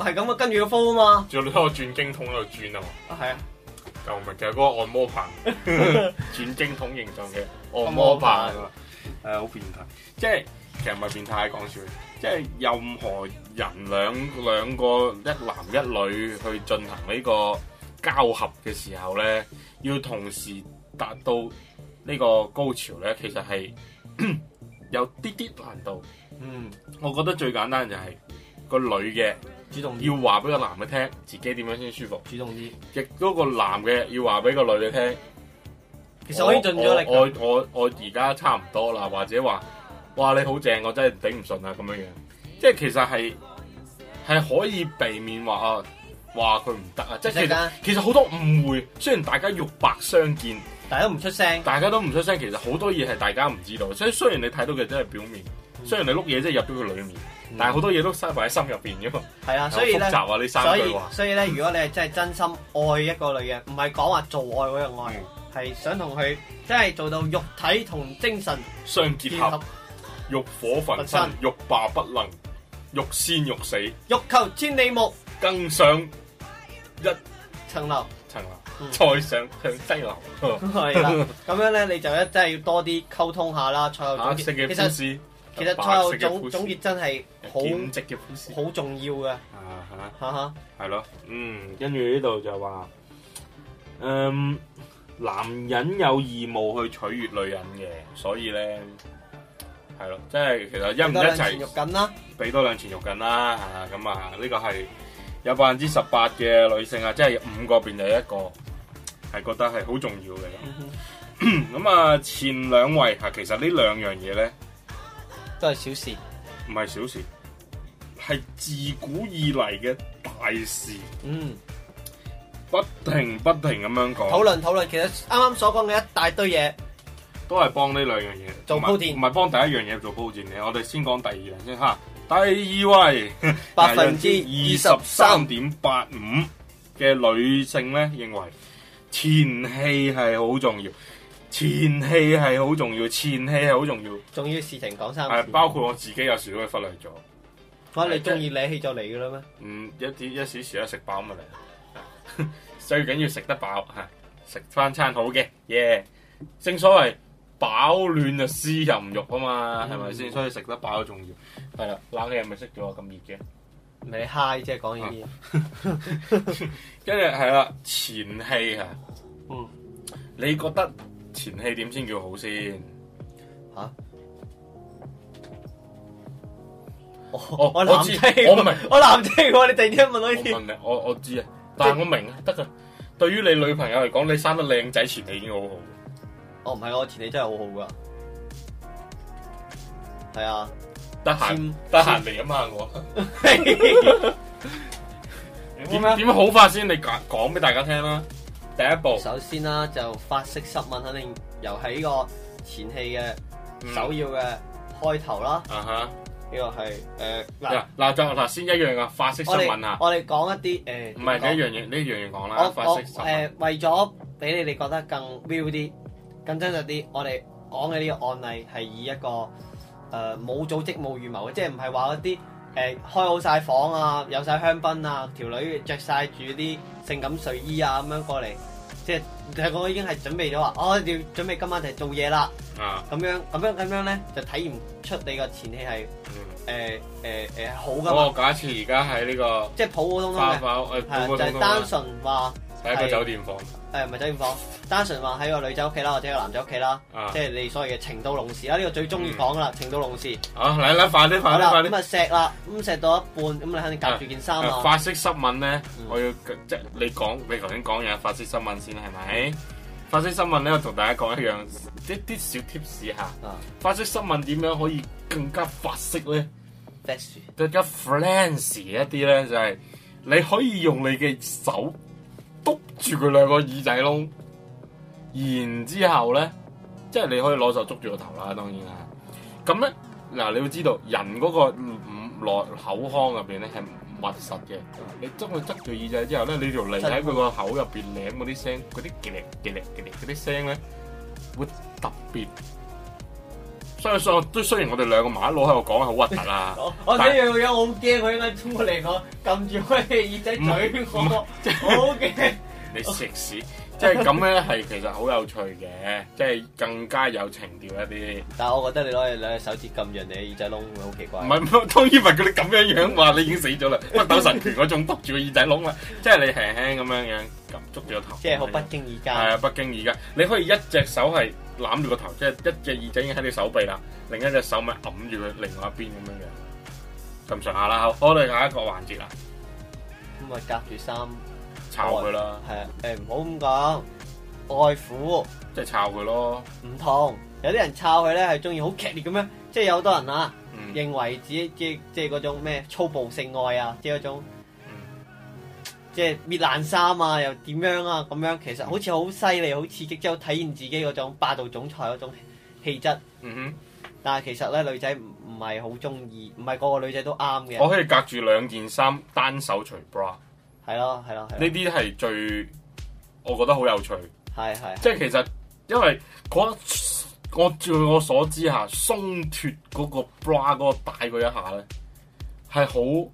係咁啊，跟住個波啊嘛，仲要喺度轉經筒喺度轉啊嘛，啊係啊，就唔係，其實嗰個按摩棒，轉經筒形狀嘅按摩棒，係好變態，即係其實唔係變態講笑，即係任何人兩兩個一男一女去進行呢個交合嘅時候咧，要同時達到呢個高潮咧，其實係 <coughs> 有啲啲難度。嗯，我覺得最簡單就係個女嘅。主動要話俾動個男嘅聽，自己點樣先舒服。主動啲，亦嗰個男嘅要話俾個女嘅聽。其實可以盡咗力。我我我而家差唔多啦，或者話哇你好正，我真係頂唔順啊咁樣樣。即係其實係係可以避免話啊話佢唔得啊。即係其實好、啊、多誤會，雖然大家肉帛相見，大家都唔出聲，大家都唔出聲。其實好多嘢係大家唔知道。所以雖然你睇到嘅真係表面，雖然你碌嘢真係入咗佢裏面。嗯但係好多嘢都塞埋喺心入邊嘅嘛，好複雜啊！呢三句話，所以咧，如果你係真係真心愛一個女人，唔係講話做愛嗰樣愛，係想同佢真係做到肉體同精神相結合，欲火焚身，欲罷不能，欲仙欲死，欲求千里目，更上一層樓，層樓，再上向西樓。係啦，咁樣咧你就一真係要多啲溝通下啦，最後總結。其實最後總總結真係好好重要嘅，嚇嚇係咯，嗯，跟住呢度就話，嗯，男人有義務去取悅女人嘅，所以咧係咯，即係其實一唔一齊，俾多兩錢肉緊啦，嚇咁啊，呢個係有百分之十八嘅女性啊，即係五個入邊有一個係覺得係好重要嘅，咁啊前兩位嚇，其實呢兩樣嘢咧。都係小，小事，唔係小事，係自古以嚟嘅大事。嗯，不停不停咁樣講，討論討論。其實啱啱所講嘅一大堆嘢，都係幫呢兩樣嘢做鋪墊，唔係幫第一樣嘢做鋪墊嘅。我哋先講第二樣先吓。第二位百分之二十三點八五嘅女性咧，認為前戲係好重要。前戲係好重要，前戲係好重要。重要事情講三次包括我自己有時都係忽略咗。我、啊、你中意你氣就嚟噶啦咩？嗯，一啲一少少食飽咪嚟。 <laughs> 最緊要食得飽，係食翻餐好嘅，耶、yeah！正所謂飽暖就思淫欲啊嘛，係咪先？所以食得飽都重要。係啦了，冷氣係咪熄咗，咁熱嘅。你 high 即係講呢啲。跟住係啦，前戲啊，嗯，你覺得？前戲點先叫好先？嚇？我我我唔明，我男仔喎，你第二日問我一次。我我知啊，但係我明啊，得噶。對於你女朋友嚟講，你生得靚仔，前戲已經好好。哦，唔係我前戲真係好好噶。係啊。得閒得閒嚟吖嘛我。點點好法先？你講講俾大家聽啦。第一步，首先啦，就法式濕吻肯定由喺呢個前戲嘅首要嘅開頭啦。啊，呢個係誒嗱嗱，再頭先一樣嘅法式濕吻啊。我哋我哋講一啲誒，唔係一樣嘢呢樣嘢講啦。法式濕吻。誒、呃，為咗俾你哋覺得更 real 啲、更真實啲，我哋講嘅呢個案例係以一個誒冇、呃、組織、冇預謀嘅，即係唔係話一啲。誒開好晒房啊，有晒香檳啊，條女着晒住啲性感睡衣啊，咁樣過嚟，即係睇我已經係準備咗話我要準備今晚就係做嘢啦，咁、啊、樣咁樣咁樣咧，就睇唔出你個前戲係誒誒好噶嘛？我、哦、假設而家喺呢個即係普普通通嘅花花，誒、哎、普普、啊就係、單純話。第一個酒店房是，誒唔係酒店房，單純話喺個女仔屋企啦，或者個男仔屋企啦，即係、啊、你所謂嘅情到濃時，啦，呢個最中意講噶啦，情到濃時。啊，嚟啦，快啲，快啲，快啲。咁啊，錫啦，咁錫到一半，咁你肯定夾住件衫啊。法式濕吻咧，我要即係你講，你頭先講嘢法式濕吻先係咪？法式濕吻咧，我同大家講一樣，一啲小貼士吓。啊。法式濕吻點樣可以更加法式咧？更加 fancy 一啲咧，就係、是、你可以用你嘅手。督住佢兩個耳仔窿，然之後咧，即係你可以攞手捉住個頭啦，當然啦。咁咧，嗱，你要知道人嗰個五口腔入邊咧係密實嘅，你捉佢執住耳仔之後咧，你條脷喺佢個口入邊舐嗰啲聲，嗰啲嘅力嘅力嘅力，嗰啲聲咧會特別。所以所都雖然我哋兩個麻甩佬喺度講係好核突啦，我睇樣樣但我好驚佢應該衝過嚟我撳住佢耳仔嘴，是我是我好驚。 <laughs> 你食屎， <laughs> 即係咁咧係其實好有趣嘅，即係更加有情調一啲。但係我覺得你攞你兩隻手指撳住你耳仔窿會好奇怪。唔係，Tom Evans 佢哋咁樣樣話你已經死咗啦，北斗 <laughs> 神拳我仲篤住個耳仔窿啦，即係你輕輕咁樣樣。捉住個頭，即係好不經意噶，係啊，不經意噶。你可以一隻手係攬住個頭，即係一隻耳仔已經喺你手臂啦，另一隻手咪揞住佢另外一邊咁樣樣。咁上下啦，好，我哋下一個環節啦。咁咪隔住衫，抄佢啦。係啊，誒唔好咁講，愛撫。即係抄佢咯。唔同，有啲人抄佢咧係中意好劇烈咁樣，即係有好多人啊，嗯、認為自己即即係嗰種咩粗暴性愛啊，即係嗰種。即係搣爛衫啊，又點樣啊？咁樣其實好似好犀利、好刺激，即係體現自己嗰種霸道總裁嗰種氣質。嗯哼。但係其實咧，女仔唔唔係好中意，唔係個個女仔都啱嘅。我可以隔住兩件衫，單手除 bra。係咯，係咯。呢啲係最我覺得好有趣。係係。即係其實，因為嗰、那個、我據我所知下鬆脱嗰個 bra 嗰個帶佢一下咧，係好。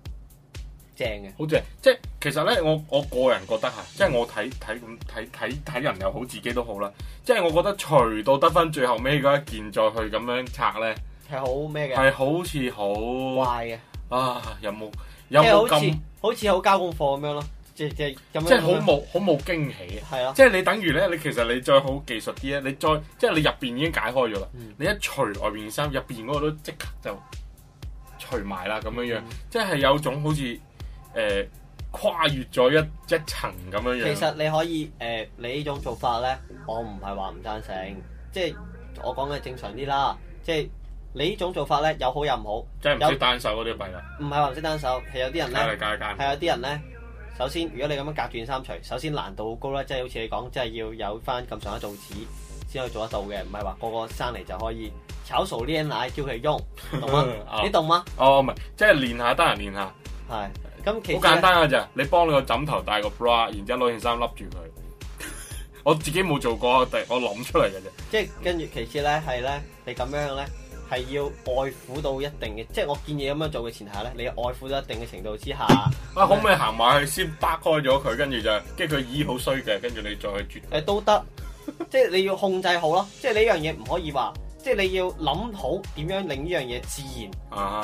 正嘅，好正！即係其實咧，我我個人覺得即係、嗯、我睇睇咁睇睇睇人又好，好，自己都好啦。即係我覺得除到得返最後尾嗰一件再去咁樣拆咧，係好咩嘅？係好似好壞嘅啊！有冇有冇好似好似好交功課咁樣咯，即係即係咁樣。樣即係好冇好冇驚喜係啊。即係你等於咧，你其實你再好技術啲咧，你再即係你入邊已經解開咗啦，嗯、你一除外邊衫，入邊嗰個都即刻就除埋啦，咁樣樣，嗯、即係有種好似。誒、呃，跨越咗一一層咁樣樣。其實你可以誒、呃，你呢種做法咧，我唔係話唔贊成，即係我講嘅正常啲啦。即係你呢種做法咧，有好有唔好。即唔識不 有單手嗰啲弊啦、啊。唔係話唔識單手，係有啲人咧。係有啲人咧，首先如果你咁樣隔斷三除，首先難度好高啦，即係好似你講，即係要有翻咁上下造詣先可以做得到嘅，唔係話個個生嚟就可以炒熟呢奶叫佢喐，懂嗎？ <laughs> 哦、你懂嗎？哦，唔係，即係練下得啊，練下。係。好簡單嘅咋？你幫你個枕頭戴個 bra，然之後攞件衫笠住佢。 <laughs> 我自己冇做過，我諗出嚟嘅啫。即係、就是、跟住其次咧，係咧，你咁樣咧係要愛撫到一定嘅，即係我建議咁樣做嘅前提下咧，你愛撫到一定嘅程度之下。啊，是是啊，可唔可以行埋去先，掰開咗佢，跟住就，即係佢耳好衰嘅，跟住你再去絕。誒，都得，即係你要控制好咯，即係呢樣嘢唔可以話，即、就、係、是、你要諗好點樣令呢樣嘢自然，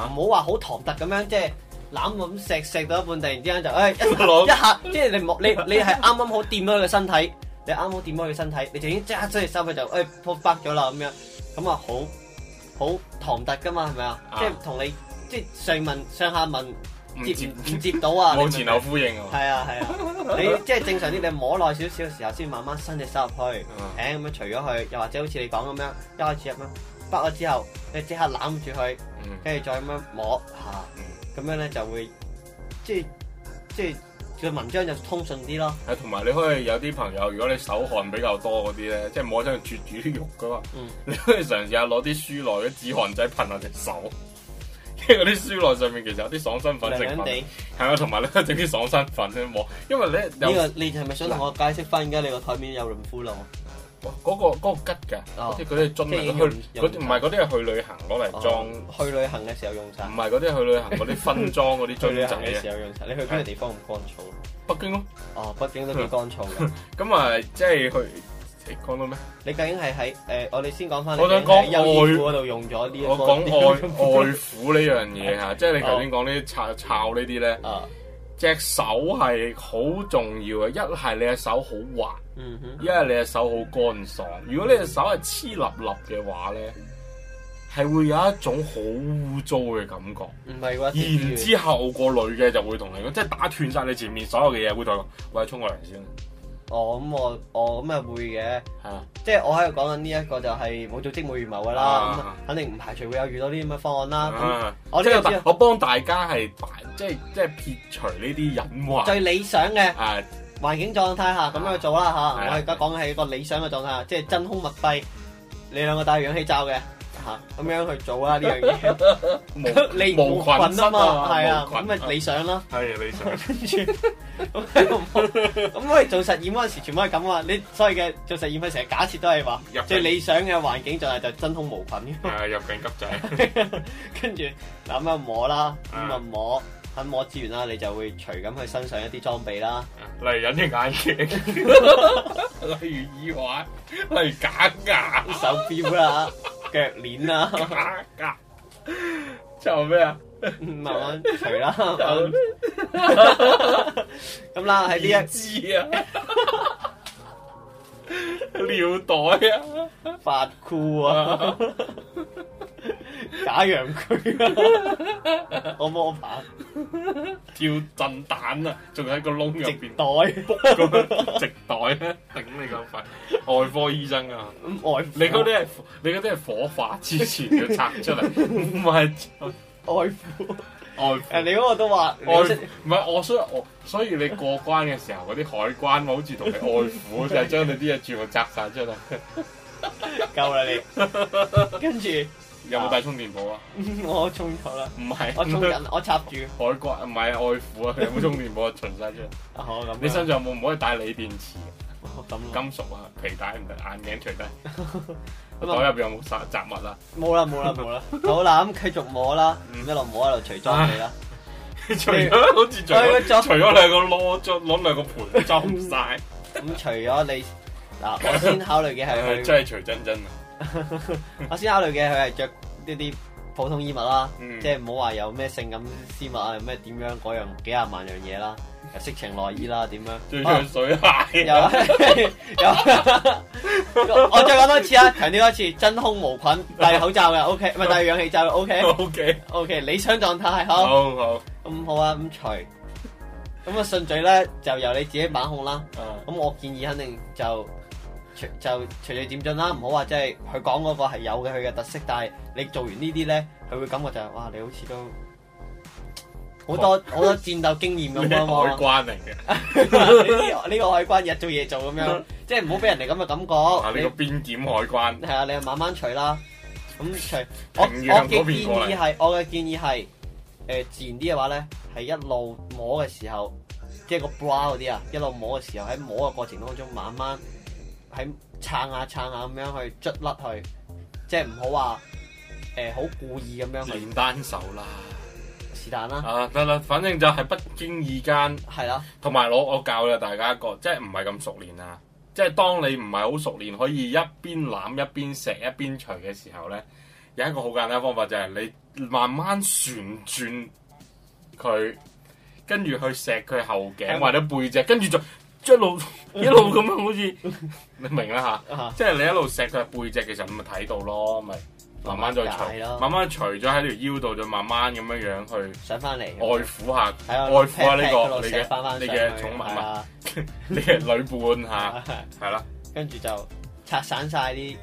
唔好話好唐突咁樣，即、就、係、是。攬咁錫錫到一半，突然之間就誒、欸、一下，一下 <laughs> 即係你冇，你你係啱啱好掂咗佢個身體，你啱好掂咗佢個身體，你就已經即刻將隻手佢就誒破掰咗啦咁樣，咁啊好好唐突噶嘛，係咪啊即？即係同你即係上問上下問接唔接，接到啊？冇前後呼應喎、啊。係啊係啊，啊 <laughs> 你即係正常啲，你摸耐少少嘅時候，先慢慢伸隻手入去，誒咁、嗯、樣除咗佢，又或者好似你講咁樣，一開始入啦，掰咗之後，你即刻攬住佢，跟住再咁樣摸吓。啊。咁樣咧就會，即係即係個文章就通順啲咯。係，同埋你可以有啲朋友，如果你手汗比較多嗰啲咧，即係摸好去絕啜住啲肉噶嘛。嗯、你可以嘗試下攞啲書內嘅止汗劑噴下隻手，呢個啲書內上面其實有啲爽身粉成分。係啊，同埋咧整啲爽身粉去摸，因為你，呢、呢個你係咪想同我解釋翻，而家辣 你個台面有潤膚露啊？嗰個嗰個吉㗎，嗰啲佢去嗰啲，唔係嗰啲係去旅行攞嚟裝。去旅行嘅時候用曬。唔係嗰啲去旅行嗰啲分裝嗰啲樽。去旅行嘅時候用曬。你去邊個地方咁乾燥？北京咯。哦，北京都幾乾燥嘅。咁啊，即係去你講到咩？你究竟係喺誒？我哋先講翻。我想講愛府嗰度用咗啲。我講愛愛府呢樣嘢嚇，即係你頭先講啲摷摷呢啲咧。隻手係好重要嘅，一係你隻手好滑，一係、嗯、哼你隻手好乾爽。如果你隻手係黐笠笠嘅話咧，係會有一種好污糟嘅感覺。唔係喎，然之後個女嘅就會同你講，即係打斷晒你前面所有嘅嘢，會同我沖個涼先。哦，咁、嗯、我，哦、咁、嗯、啊會嘅，即係我喺度講緊呢一個就係冇組織冇預謀噶啦，咁、啊嗯、肯定唔排除會有遇到啲咁嘅方案啦，咁我幫大家係排，即係即係撇除呢啲隱患，最理想嘅環境狀態下咁、啊、樣去做啦吓、啊啊，我而家講緊係一個理想嘅狀態，啊、即係真空密閉，啊、你兩個帶氧氣罩嘅。咁樣去做啦，呢樣嘢你無菌啊嘛，係啊，咁咪理想啦。係理想。跟住咁，咁喂做實驗嗰陣時，全部係咁啊！你所謂嘅做實驗，佢成日假設都係話，最理想嘅環境就係就真空無菌。係入鏡急救，跟住咁啊摸啦，咁啊摸。搵魔資源啦，你就會除咁去身上一啲裝備啦、啊，例如隱形眼鏡，例如耳環，例如假牙、手錶啦、啊、腳鏈啦，仲有咩啊？慢慢除啦，咁啦喺呢一支啊，尿袋啊，發箍啊。假陽具，我摸棒叫震彈啊！仲喺個窿入邊袋咁，直 <laughs> 袋咧、啊、頂你咁快，外科醫生啊！外父你啲係我你嗰啲係火化之前要拆出嚟，唔係外父外父父你嗰個都話外唔父係父我所以我所以你過關嘅時候嗰啲海關好似同你外父 <laughs> 就將你啲嘢全部拆晒出嚟，夠啦你 <laughs> 跟住。有冇帶充電寶啊？ <laughs> 我充咗啦。唔係是，我插住。海關唔係愛護啊？有冇充電寶啊？存晒出嚟。咁。你身上有冇唔可以帶鋰電池？ <laughs> 樣啊、金屬啊，皮帶唔得，眼鏡除低。我 <laughs> 袋入邊有冇雜物啊？冇 <laughs> 啦，冇啦，冇啦。好，咁繼續摸啦，一路摸一路 <laughs> 除裝備啦。除咗好似除咗除咗兩個籮，攞兩個盆， <laughs> 嗯、裝晒。咁除咗你嗱，我先考慮嘅係真即係除真真啊！ <laughs> 我先考慮嘅，佢係着呢啲普通衣物啦，嗯、即係唔好話有咩性感絲襪啊，有咩點樣嗰樣幾廿萬樣嘢啦，有色情內衣啦點樣？最水鞋。我再講多次啊，強調一次，真空無菌，戴口罩嘅，OK，唔係戴氧氣罩，OK，OK，OK，、OK, Okay. OK, 理想狀態，好，好，咁好啊，咁除，咁個順序咧就由你自己把控啦。咁、嗯、我建議肯定就。隨就循序漸進啦，唔好話即係佢講嗰個係有嘅佢嘅特色，但係你做完這些呢啲咧，佢會感覺就係、是、哇，你好似都好多好多哇戰鬥經驗咁樣喎。海關嚟嘅，呢個呢海關日做夜做咁樣， <laughs> 即係唔好俾人哋咁嘅感覺。啊，呢個你邊檢海關係啊，你慢慢除啦。咁除我我建議係我嘅建議係誒、呃、自然啲嘅話咧，係一路摸嘅時候，即、就、係、是、個 bra 嗰啲啊，一路摸嘅時候喺摸嘅過程當中慢慢。喺撐下撐下咁樣去捽甩去，即係唔好話誒好故意咁樣。練單手啦，是但啦。啊，得啦，反正就係不經意間。係啦、啊。同埋我我教嘅大家一個，即係唔係咁熟練啊？即係當你唔係好熟練，可以一邊攬一邊錫一邊除嘅時候咧，有一個好簡單嘅方法就係、是、你慢慢旋轉佢，跟住去錫佢後頸或者背脊，跟住就。一路一路咁樣，好似你明啦吓，即係你一路錫佢背脊，嘅時候，實咪睇到咯，咪慢慢再除，慢慢除咗喺條腰度，就慢慢咁樣樣去上翻嚟，愛撫下，愛撫下呢個你嘅你嘅寵物，你嘅女伴吓，係啦，跟住就拆散晒啲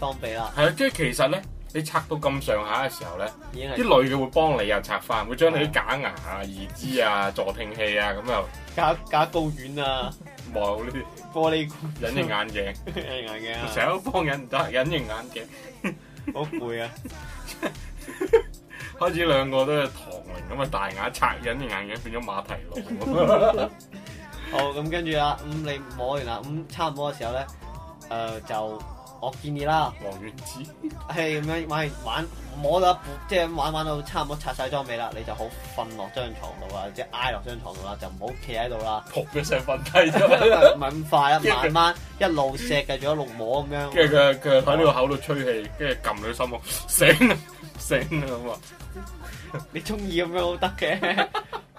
裝備啦，係啊，即係其實咧。你拆到咁上下嘅時候咧，啲女嘅會幫你又拆翻，會將你啲假牙啊、義肢啊、助聽器啊咁又假假高軟啊，冇呢啲玻璃隱形眼鏡，隱形眼鏡成日都幫人戴隱形眼鏡，好攰累啊！ <laughs> 開始兩個都係唐咁啊，大牙拆隱形眼鏡變咗馬蹄龍。好，咁跟住啊，咁你摸完啦，咁差唔多嘅時候咧，誒、呃、就。我建議啦，黃完子，係咁樣玩玩摸到一半，即係玩玩到差唔多拆晒裝備啦，你就好瞓落張床度 <laughs> 啦，即係挨落張床度啦，就唔好企喺度啦，仆嘅成瞓低就唔係咁快啦，慢慢一路錫嘅，做一路摸咁樣。跟住佢佢喺呢個口度吹氣，跟住撳佢心胸，醒醒啦咁啊！你中意咁樣都得嘅。 <laughs>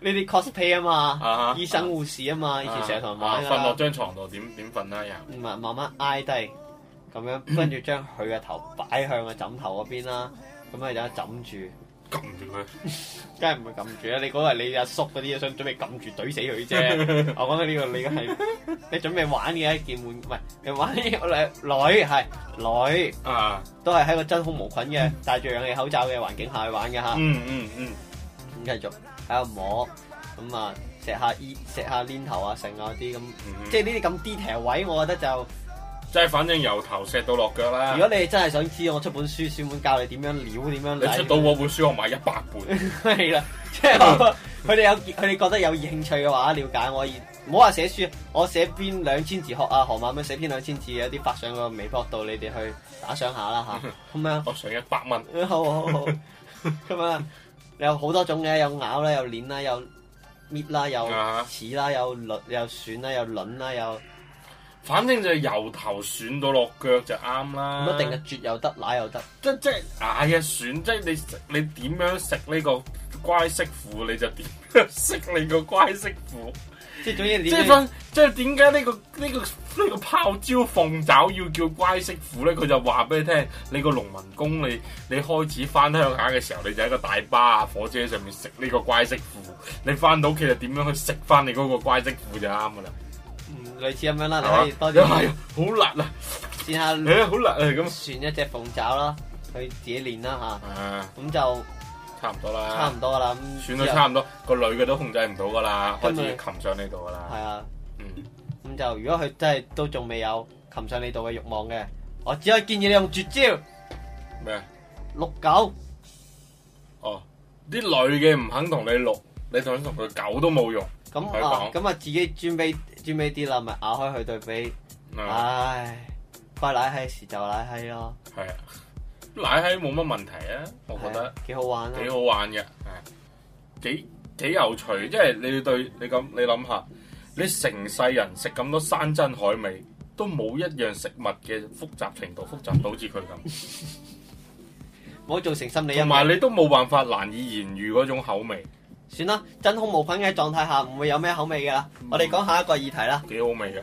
呢啲 cosplay 啊嘛，醫生護士啊嘛，以前成日同人玩。瞓落張床度點點瞓啦又？唔係慢慢挨低，咁樣跟住將佢嘅頭擺向個枕頭嗰邊啦，咁咧就枕住。撳住佢，梗係唔會撳住啦。你嗰個你阿叔嗰啲想準備撳住懟死佢啫。我覺得呢個你係，你準備玩嘅，一件玩具唔係？你玩呢個女，係女，啊，都係喺個真空無菌嘅，戴住氧氣口罩嘅環境下去玩嘅吓。嗯嗯嗯，咁繼續。喺度摸，咁、嗯、啊，錫下耳，錫下鏈頭啊，剩啊啲咁，嗯、即係呢啲咁 detail 位，我覺得就即係反正由頭錫到落腳啦。如果你真係想知道，我出本書書本教你點樣撩，點樣你出到我本書，我買一百本。係啦， <laughs> 即係佢哋有佢哋覺得有興趣嘅話，了解我而唔好話寫書，我寫篇兩千字學啊河馬咁寫篇兩千字，有啲發上個微博度，你哋去打賞下啦吓。咁樣、嗯嗯、我上一百蚊。好好好，咁樣。有好多種嘅，有咬啦，有捻啦，有搣啦，有齒啦，有捋，又選啦，有捻啦，又，反正就由頭選到落腳就啱啦。唔一定嘅，絕又得，奶又得。即即舐啊選，即、哎、你食你點樣食呢個乖媳婦，你就點食你個乖媳婦。即係點？即係點解呢個呢個呢個泡椒鳳爪要叫乖媳婦咧？佢就話俾你聽，你個農民工你，你你開始翻鄉下嘅時候，你就喺個大巴啊、火車上面食呢個乖媳婦。你翻到屋企就點樣去食翻你嗰個乖媳婦就啱噶啦。嗯，類似咁樣啦，你可以多啲。係啊，好辣啊！試下。係好辣啊！咁。算一隻鳳爪啦，去自己練啦吓。啊。咁就。差唔多啦，差唔多啦，算都差唔多，嗯、個女嘅都控制唔到噶啦，開始擒上你度噶啦。係啊，嗯，咁就如果佢真係都仲未有擒上你度嘅欲望嘅，我只可以建議你用絕招。咩麼？六九狗。哦，啲女嘅唔肯同你六，你想同佢九都冇用。咁、嗯、啊，咁啊，自己專卑專卑啲啦，咪咬開佢對比。嗯、唉，快舐閪時就舐閪咯。係啊。奶喺冇乜問題啊，我覺得幾好玩、啊，幾好玩嘅，係、嗯、幾有趣。即係你對你咁，你諗下，你成世人食咁多山珍海味，都冇一樣食物嘅複雜程度複雜到好似佢咁，冇造成心理。同埋你都冇辦法難以言喻嗰種口味。算啦，真空無菌嘅狀態下唔會有咩口味嘅喇。嗯、我哋講下一個議題啦。幾好味嘅。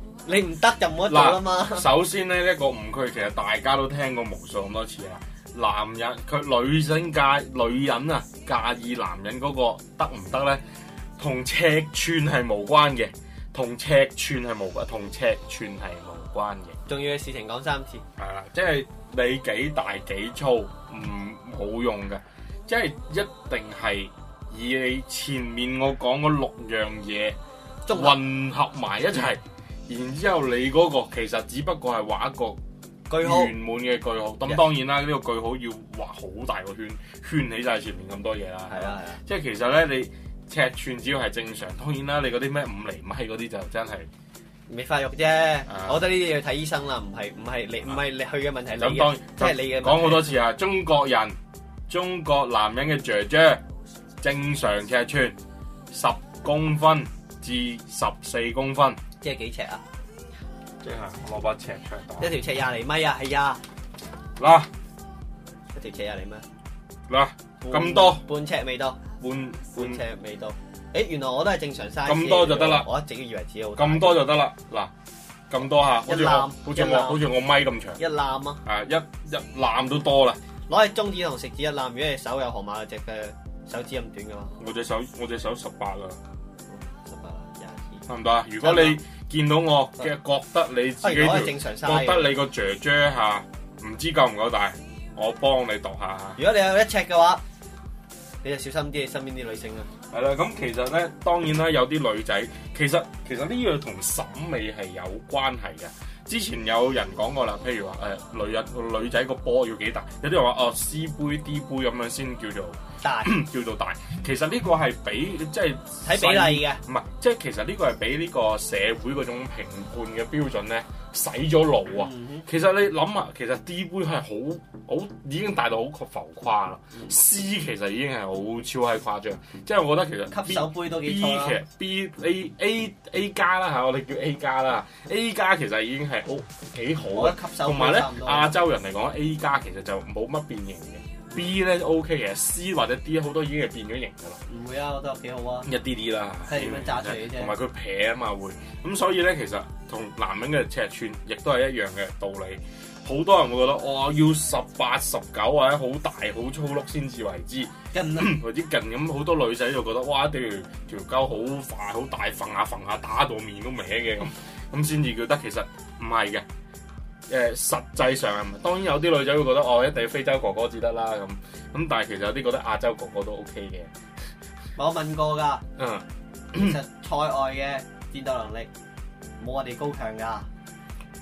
你唔得就唔好做啦嘛。首先咧，呢個誤區，其實大家都聽過無數咁多次啦。男人佢女性介，女人啊介意男人嗰個得唔得咧，同尺寸係無關嘅，同尺寸係無關的，同尺寸係無關嘅。重要嘅事情講三次。係啦，即係你幾大幾粗唔冇用嘅，即係一定係以你前面我講嗰六樣嘢，即係混合埋一齊。嗯然之後，你嗰個其實只不過係畫一個句號，圓滿嘅句號。咁當然啦，呢 Yeah. 個句號要畫好大個圈，圈起晒前面咁多嘢啦。係啊 Yeah. 的，係啊。即係其實咧，你尺寸只要係正常，當然啦，你嗰啲咩五厘米嗰啲就真係未發育啫。Uh, 我覺得呢啲要睇醫生啦，唔係唔係你唔係你去嘅問題是的。咁當然即係你嘅講好多次啊，中國人、中國男人嘅姐姐正常尺寸十公分至十四公分。即係幾尺啊？即係我攞把尺長打一條尺廿厘米啊，係啊！嗱，一條尺廿厘米。嗱，咁多半尺未到！半半尺未到！誒，原來我都係正常 size。咁多就得啦。我一直以為只有咁多就得啦。嗱，咁多吓，好似我好似我好似我米咁長。一攬啊！誒，一一攬都多啦。攞起中指同食指一攬，如果你手有河馬隻嘅手指咁短㗎嘛！我隻手我隻手十八啊。差唔，如果你見到我嘅對，覺得你自己嘅不正常嘅，覺得你個姐姐嚇唔知夠唔夠大，我幫你度下。如果你有一尺嘅話，你就小心啲你身邊啲女性啊！係啦，咁其實咧，當然啦，有啲女仔其實其實呢個同 <laughs> 審美係有關係嘅。之前有人講過啦，譬如話誒、呃，女人個女仔個波要幾大？有啲人話哦，C 杯 D 杯咁樣先叫做。大叫做大，其實呢個係比即係睇比例嘅，唔係即係其實呢個係畀呢個社會嗰種評判嘅標準咧，洗咗腦啊！嗯、哼其實你諗下、啊，其實 D 杯係好好已經大到好浮誇啦、嗯、哼，C 其實已經係好超係誇張，即係、嗯、哼我覺得其實 B，吸手杯都幾，B 其實 B A A A 加啦嚇，我哋叫 A 加啦，A 加其實已經係好幾好嘅，同埋咧亞洲人嚟講 A 加其實就冇乜變形嘅。B 咧 OK 嘅，C 或者 D 好多已經係變咗型㗎啦。唔會啊，我覺得幾好啊。一啲啲啦，係咁樣揸住嘅啫。同埋佢劈啊嘛會，咁所以咧其實同男人嘅尺寸亦都係一樣嘅道理。好多人會覺得哇、哦、要十八十九或者好大好粗碌先至為之，為之 <coughs> 近咁。好多女仔就覺得哇要條條溝好快、好大，揈下揈下打到面都歪嘅咁，咁先至覺得其實唔係嘅。誒實際上，當然有啲女仔會覺得哦，一定非洲哥哥至得啦咁咁，但係其實有啲覺得亞洲哥哥都 OK 嘅。我問過㗎，嗯，其實賽外嘅戰鬥能力冇我哋高強㗎。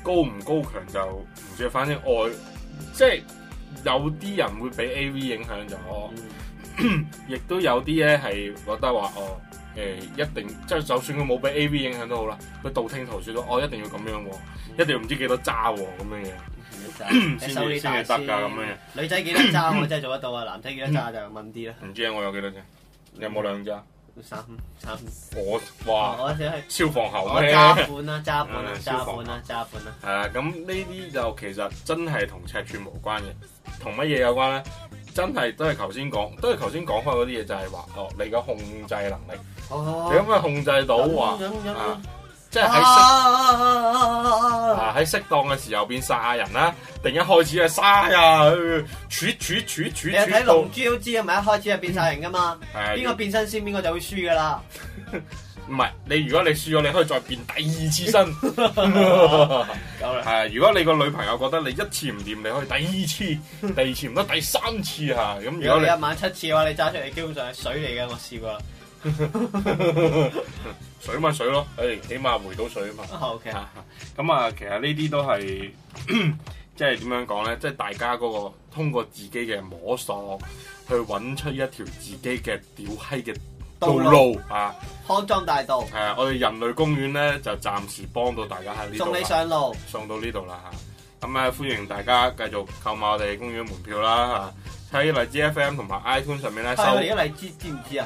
高唔高強就唔知，反正外即係有啲人會俾 AV 影響咗，亦都有啲咧係覺得話哦。誒，一定即係，就算佢冇俾 A V 影響都好啦，佢道聽途說都我一定要咁樣喎，一定要唔知幾多扎喎，咁樣嘢，先係得噶咁樣嘢。女仔幾多扎我真係做得到啊，男仔幾多扎就問啲啦。唔知啊，我有幾多扎？有冇兩扎？三三。我哇！我少去消防喉咩？揸本啦，揸本啦，揸本啦，揸本啦。係啊，咁呢啲就其實真係同尺寸無關嘅，同乜嘢有關咧？真係都係頭先講，都係頭先講開嗰啲嘢，就係話哦，你嘅控制能力。咁可以控制到啊！即係喺適啊喺適當嘅時候變殺下人啦，定一開始係沙啊，處處處處處。你睇《龍珠》都知啊，咪一開始係變晒人噶嘛？邊個變身先，邊個就會輸噶啦。唔係你如果你輸咗，你可以再變第二次身。係，如果你個女朋友覺得你一次唔掂，你可以第二次、第二次唔得第三次吓咁。如果你一晚七次嘅話，你揸出嚟基本上係水嚟嘅，我試過。 <laughs> 水咪水咯，誒，起碼回到水啊嘛。O K 啊，咁、okay、啊，其實呢啲都係即係點樣講咧，即係大家嗰、嗰個通過自己嘅摸索去揾出一條自己嘅屌閪嘅道路，道路啊。康莊大道係啊，我哋人類公園咧就暫時幫到大家喺呢度。送你上路，送到呢度啦吓。咁啊，啊，歡迎大家繼續購買我哋公園門票啦吓。喺、啊、荔枝 F M 同埋 iTunes 上面咧是收。你而家荔枝知唔知啊？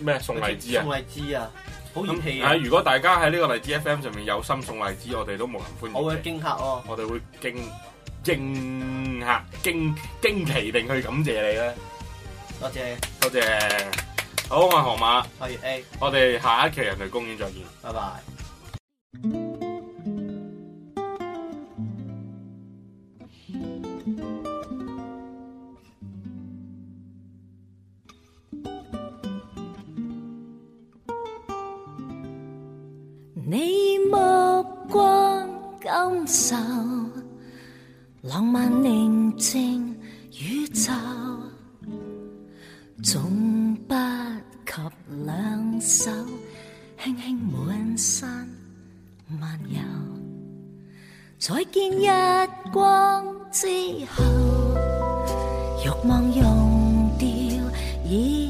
咩送荔枝啊？送荔枝啊，好熱氣啊！係，如果大家喺呢個荔枝 FM 上面有心送荔枝，我哋都無人歡迎。我會驚嚇喎！我哋會驚驚嚇驚驚奇，定去感謝你咧。多謝，多謝。好，我係河馬。我係 A。我哋下一期人類公園再見。拜拜。你目光感受浪漫寧靜宇宙，總不及兩手輕輕滿身漫遊。再見日光之後，欲望溶掉。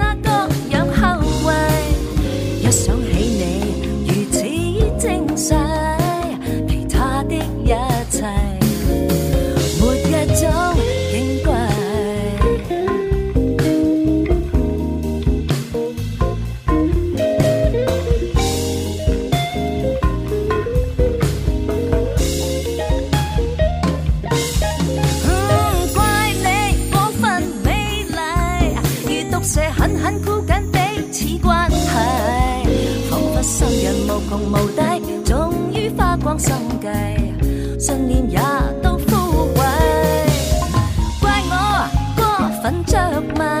箍緊彼此關係，仿佛心癮無窮無底，終於花光心計，信念也都枯萎，怪我過分着迷。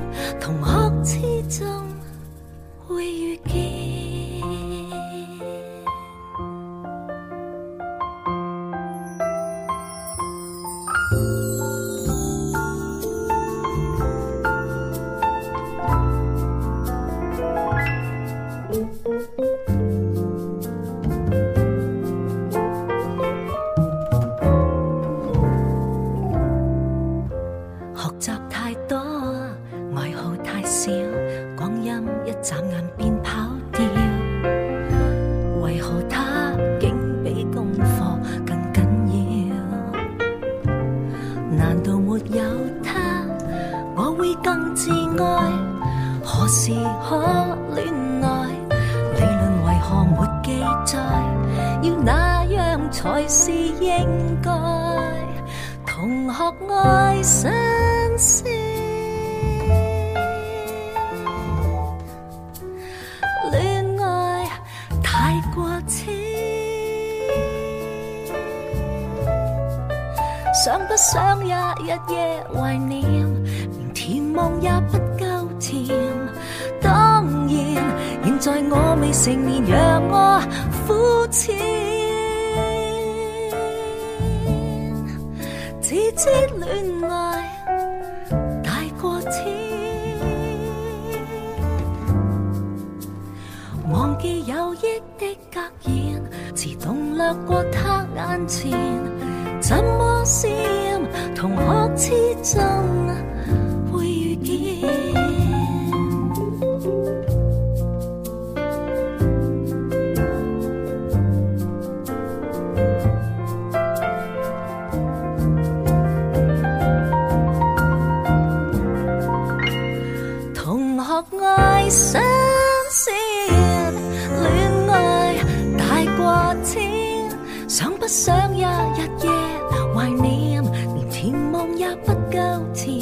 想不想日日夜夜懷念？連甜夢也不夠甜。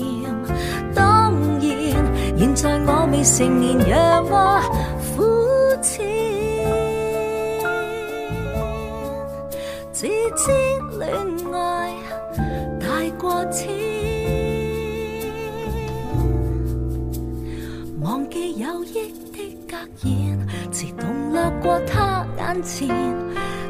當然，現在我未成年淺，讓我膚淺。只知戀愛大過天，忘記有益的格言，自動掠過他眼前。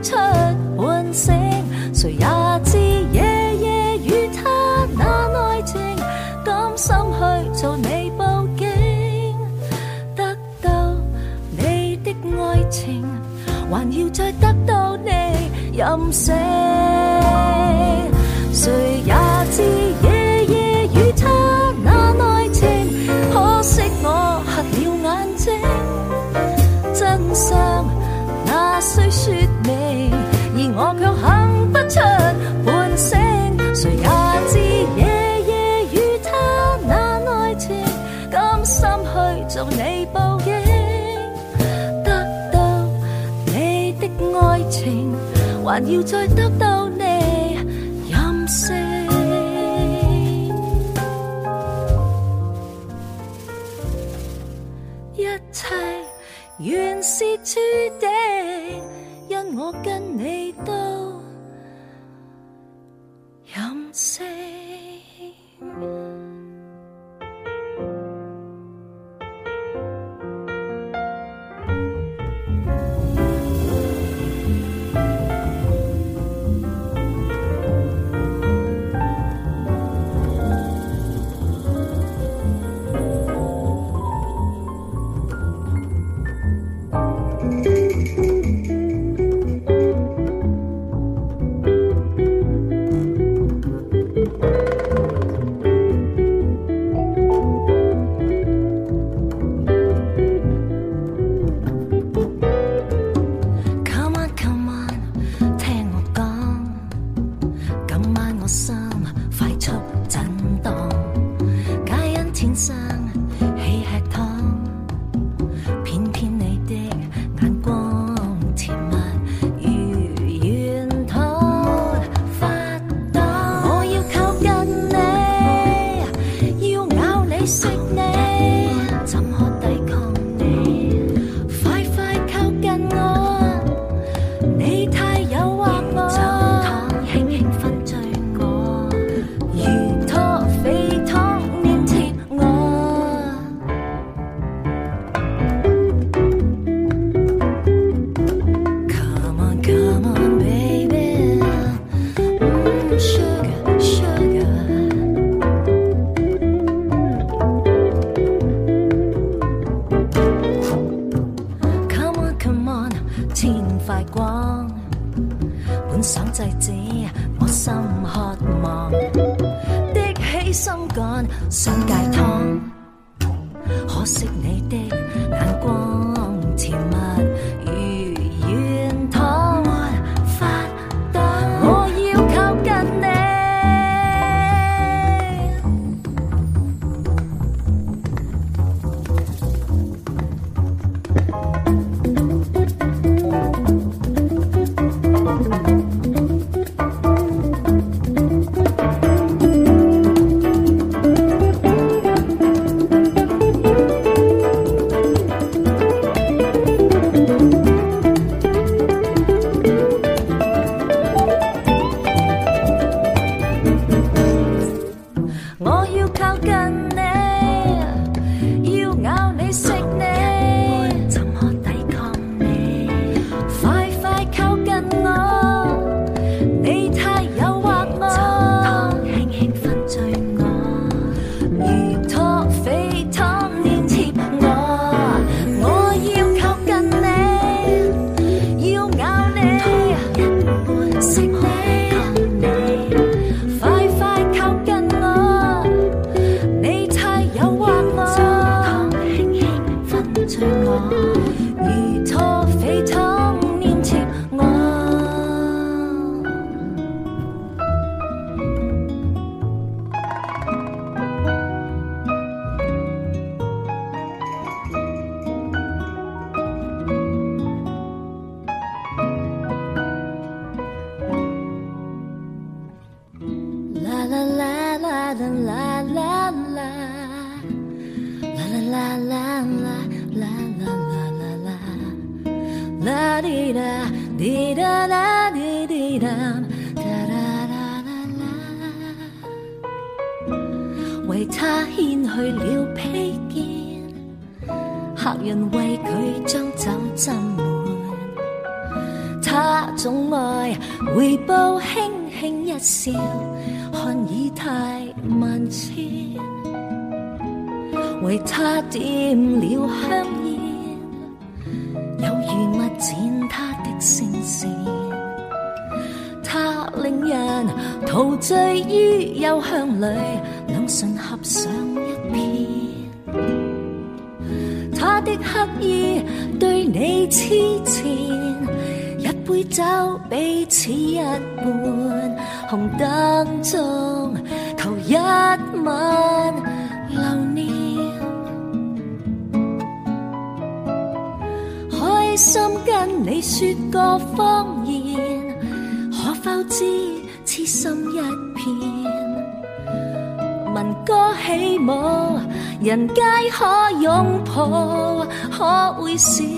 出半醒，誰也知夜夜與他那愛情，甘心去做你布景，得到你的愛情，還要再得到你任性。誰也知夜夜與他那愛情，可惜我瞎了眼睛，真相那需說。而我卻喊不出半聲。誰也知夜夜與他那愛情，甘心去做你報應，得到你的愛情，還要再得到你任性。一切原是注定。我跟你都。紅燈中頭一吻留念，開心跟你說個謊言，可否知痴心一片？聞歌起舞，人皆可擁抱，可會是？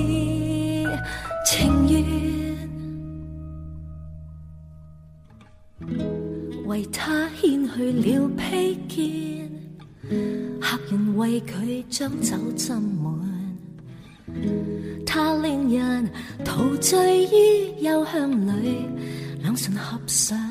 為他掀去了披肩，客人為佢將酒斟滿，他令人陶醉於幽香裏，兩唇合上。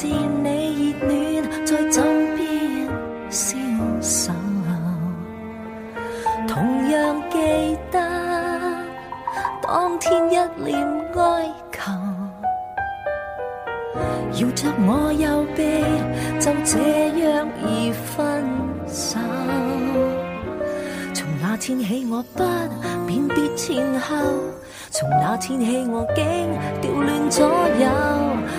是你熱暖在枕邊消受，同樣記得當天一臉哀求，搖着我右臂就這樣而分手。從那天起我不辨別前後，從那天起我竟調亂左右。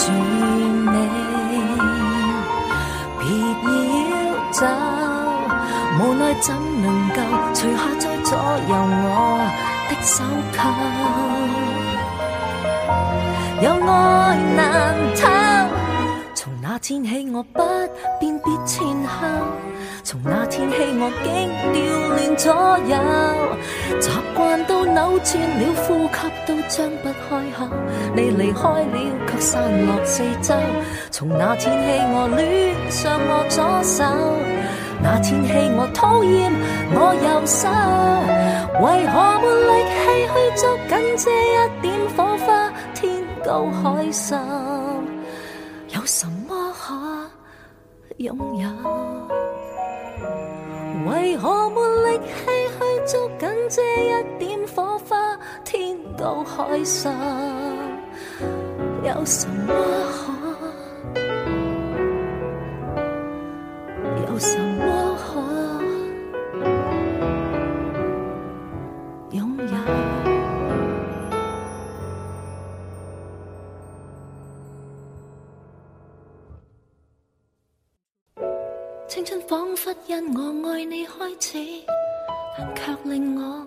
說你別要走，無奈怎能夠除下在左右我的手銬？有愛難偷，從那天起，我不辨別前後，從那天起，我竟調亂左右，習慣都扭轉了，呼吸都張不開口。你離開了，卻散落四周。從那天起，我戀上我左手；那天起，我討厭我右手。為何沒力氣去捉緊這一點火花？天高海深，有什麼可擁有？為何沒力氣去捉緊這一點火花？天高海深。有什麼可，有什麼可擁有？青春仿佛因我愛你開始，但卻令我。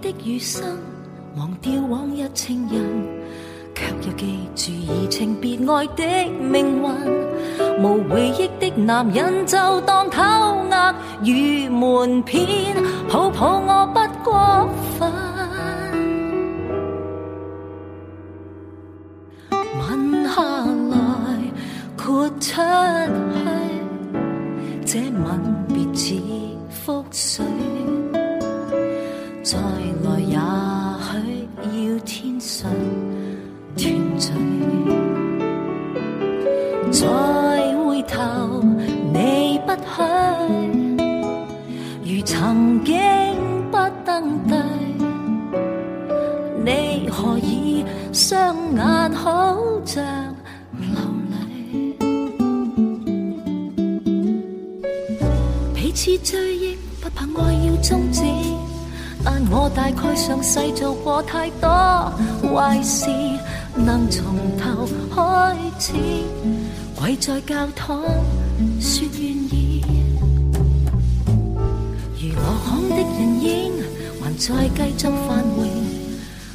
的餘生，忘掉往日情人，卻又記住移情別愛的命運。冇回憶的男人就當偷呃與門片，抱抱我不過分。吻下來豁出去，這吻別似覆水。雙眼好像流淚，彼此追憶，不怕愛要終止。但我大概上世做過太多壞事，能從頭開始，跪在教堂說願意。如落空的人影，還在繼續泛回。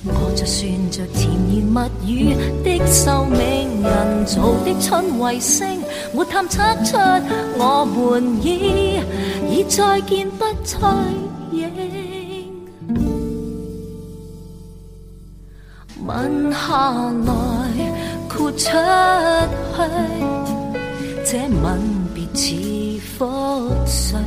我就算着甜言蜜語的壽命，人造的春衛星，沒探測出我們已已再見不再影，吻下來豁出去，這吻別似覆水。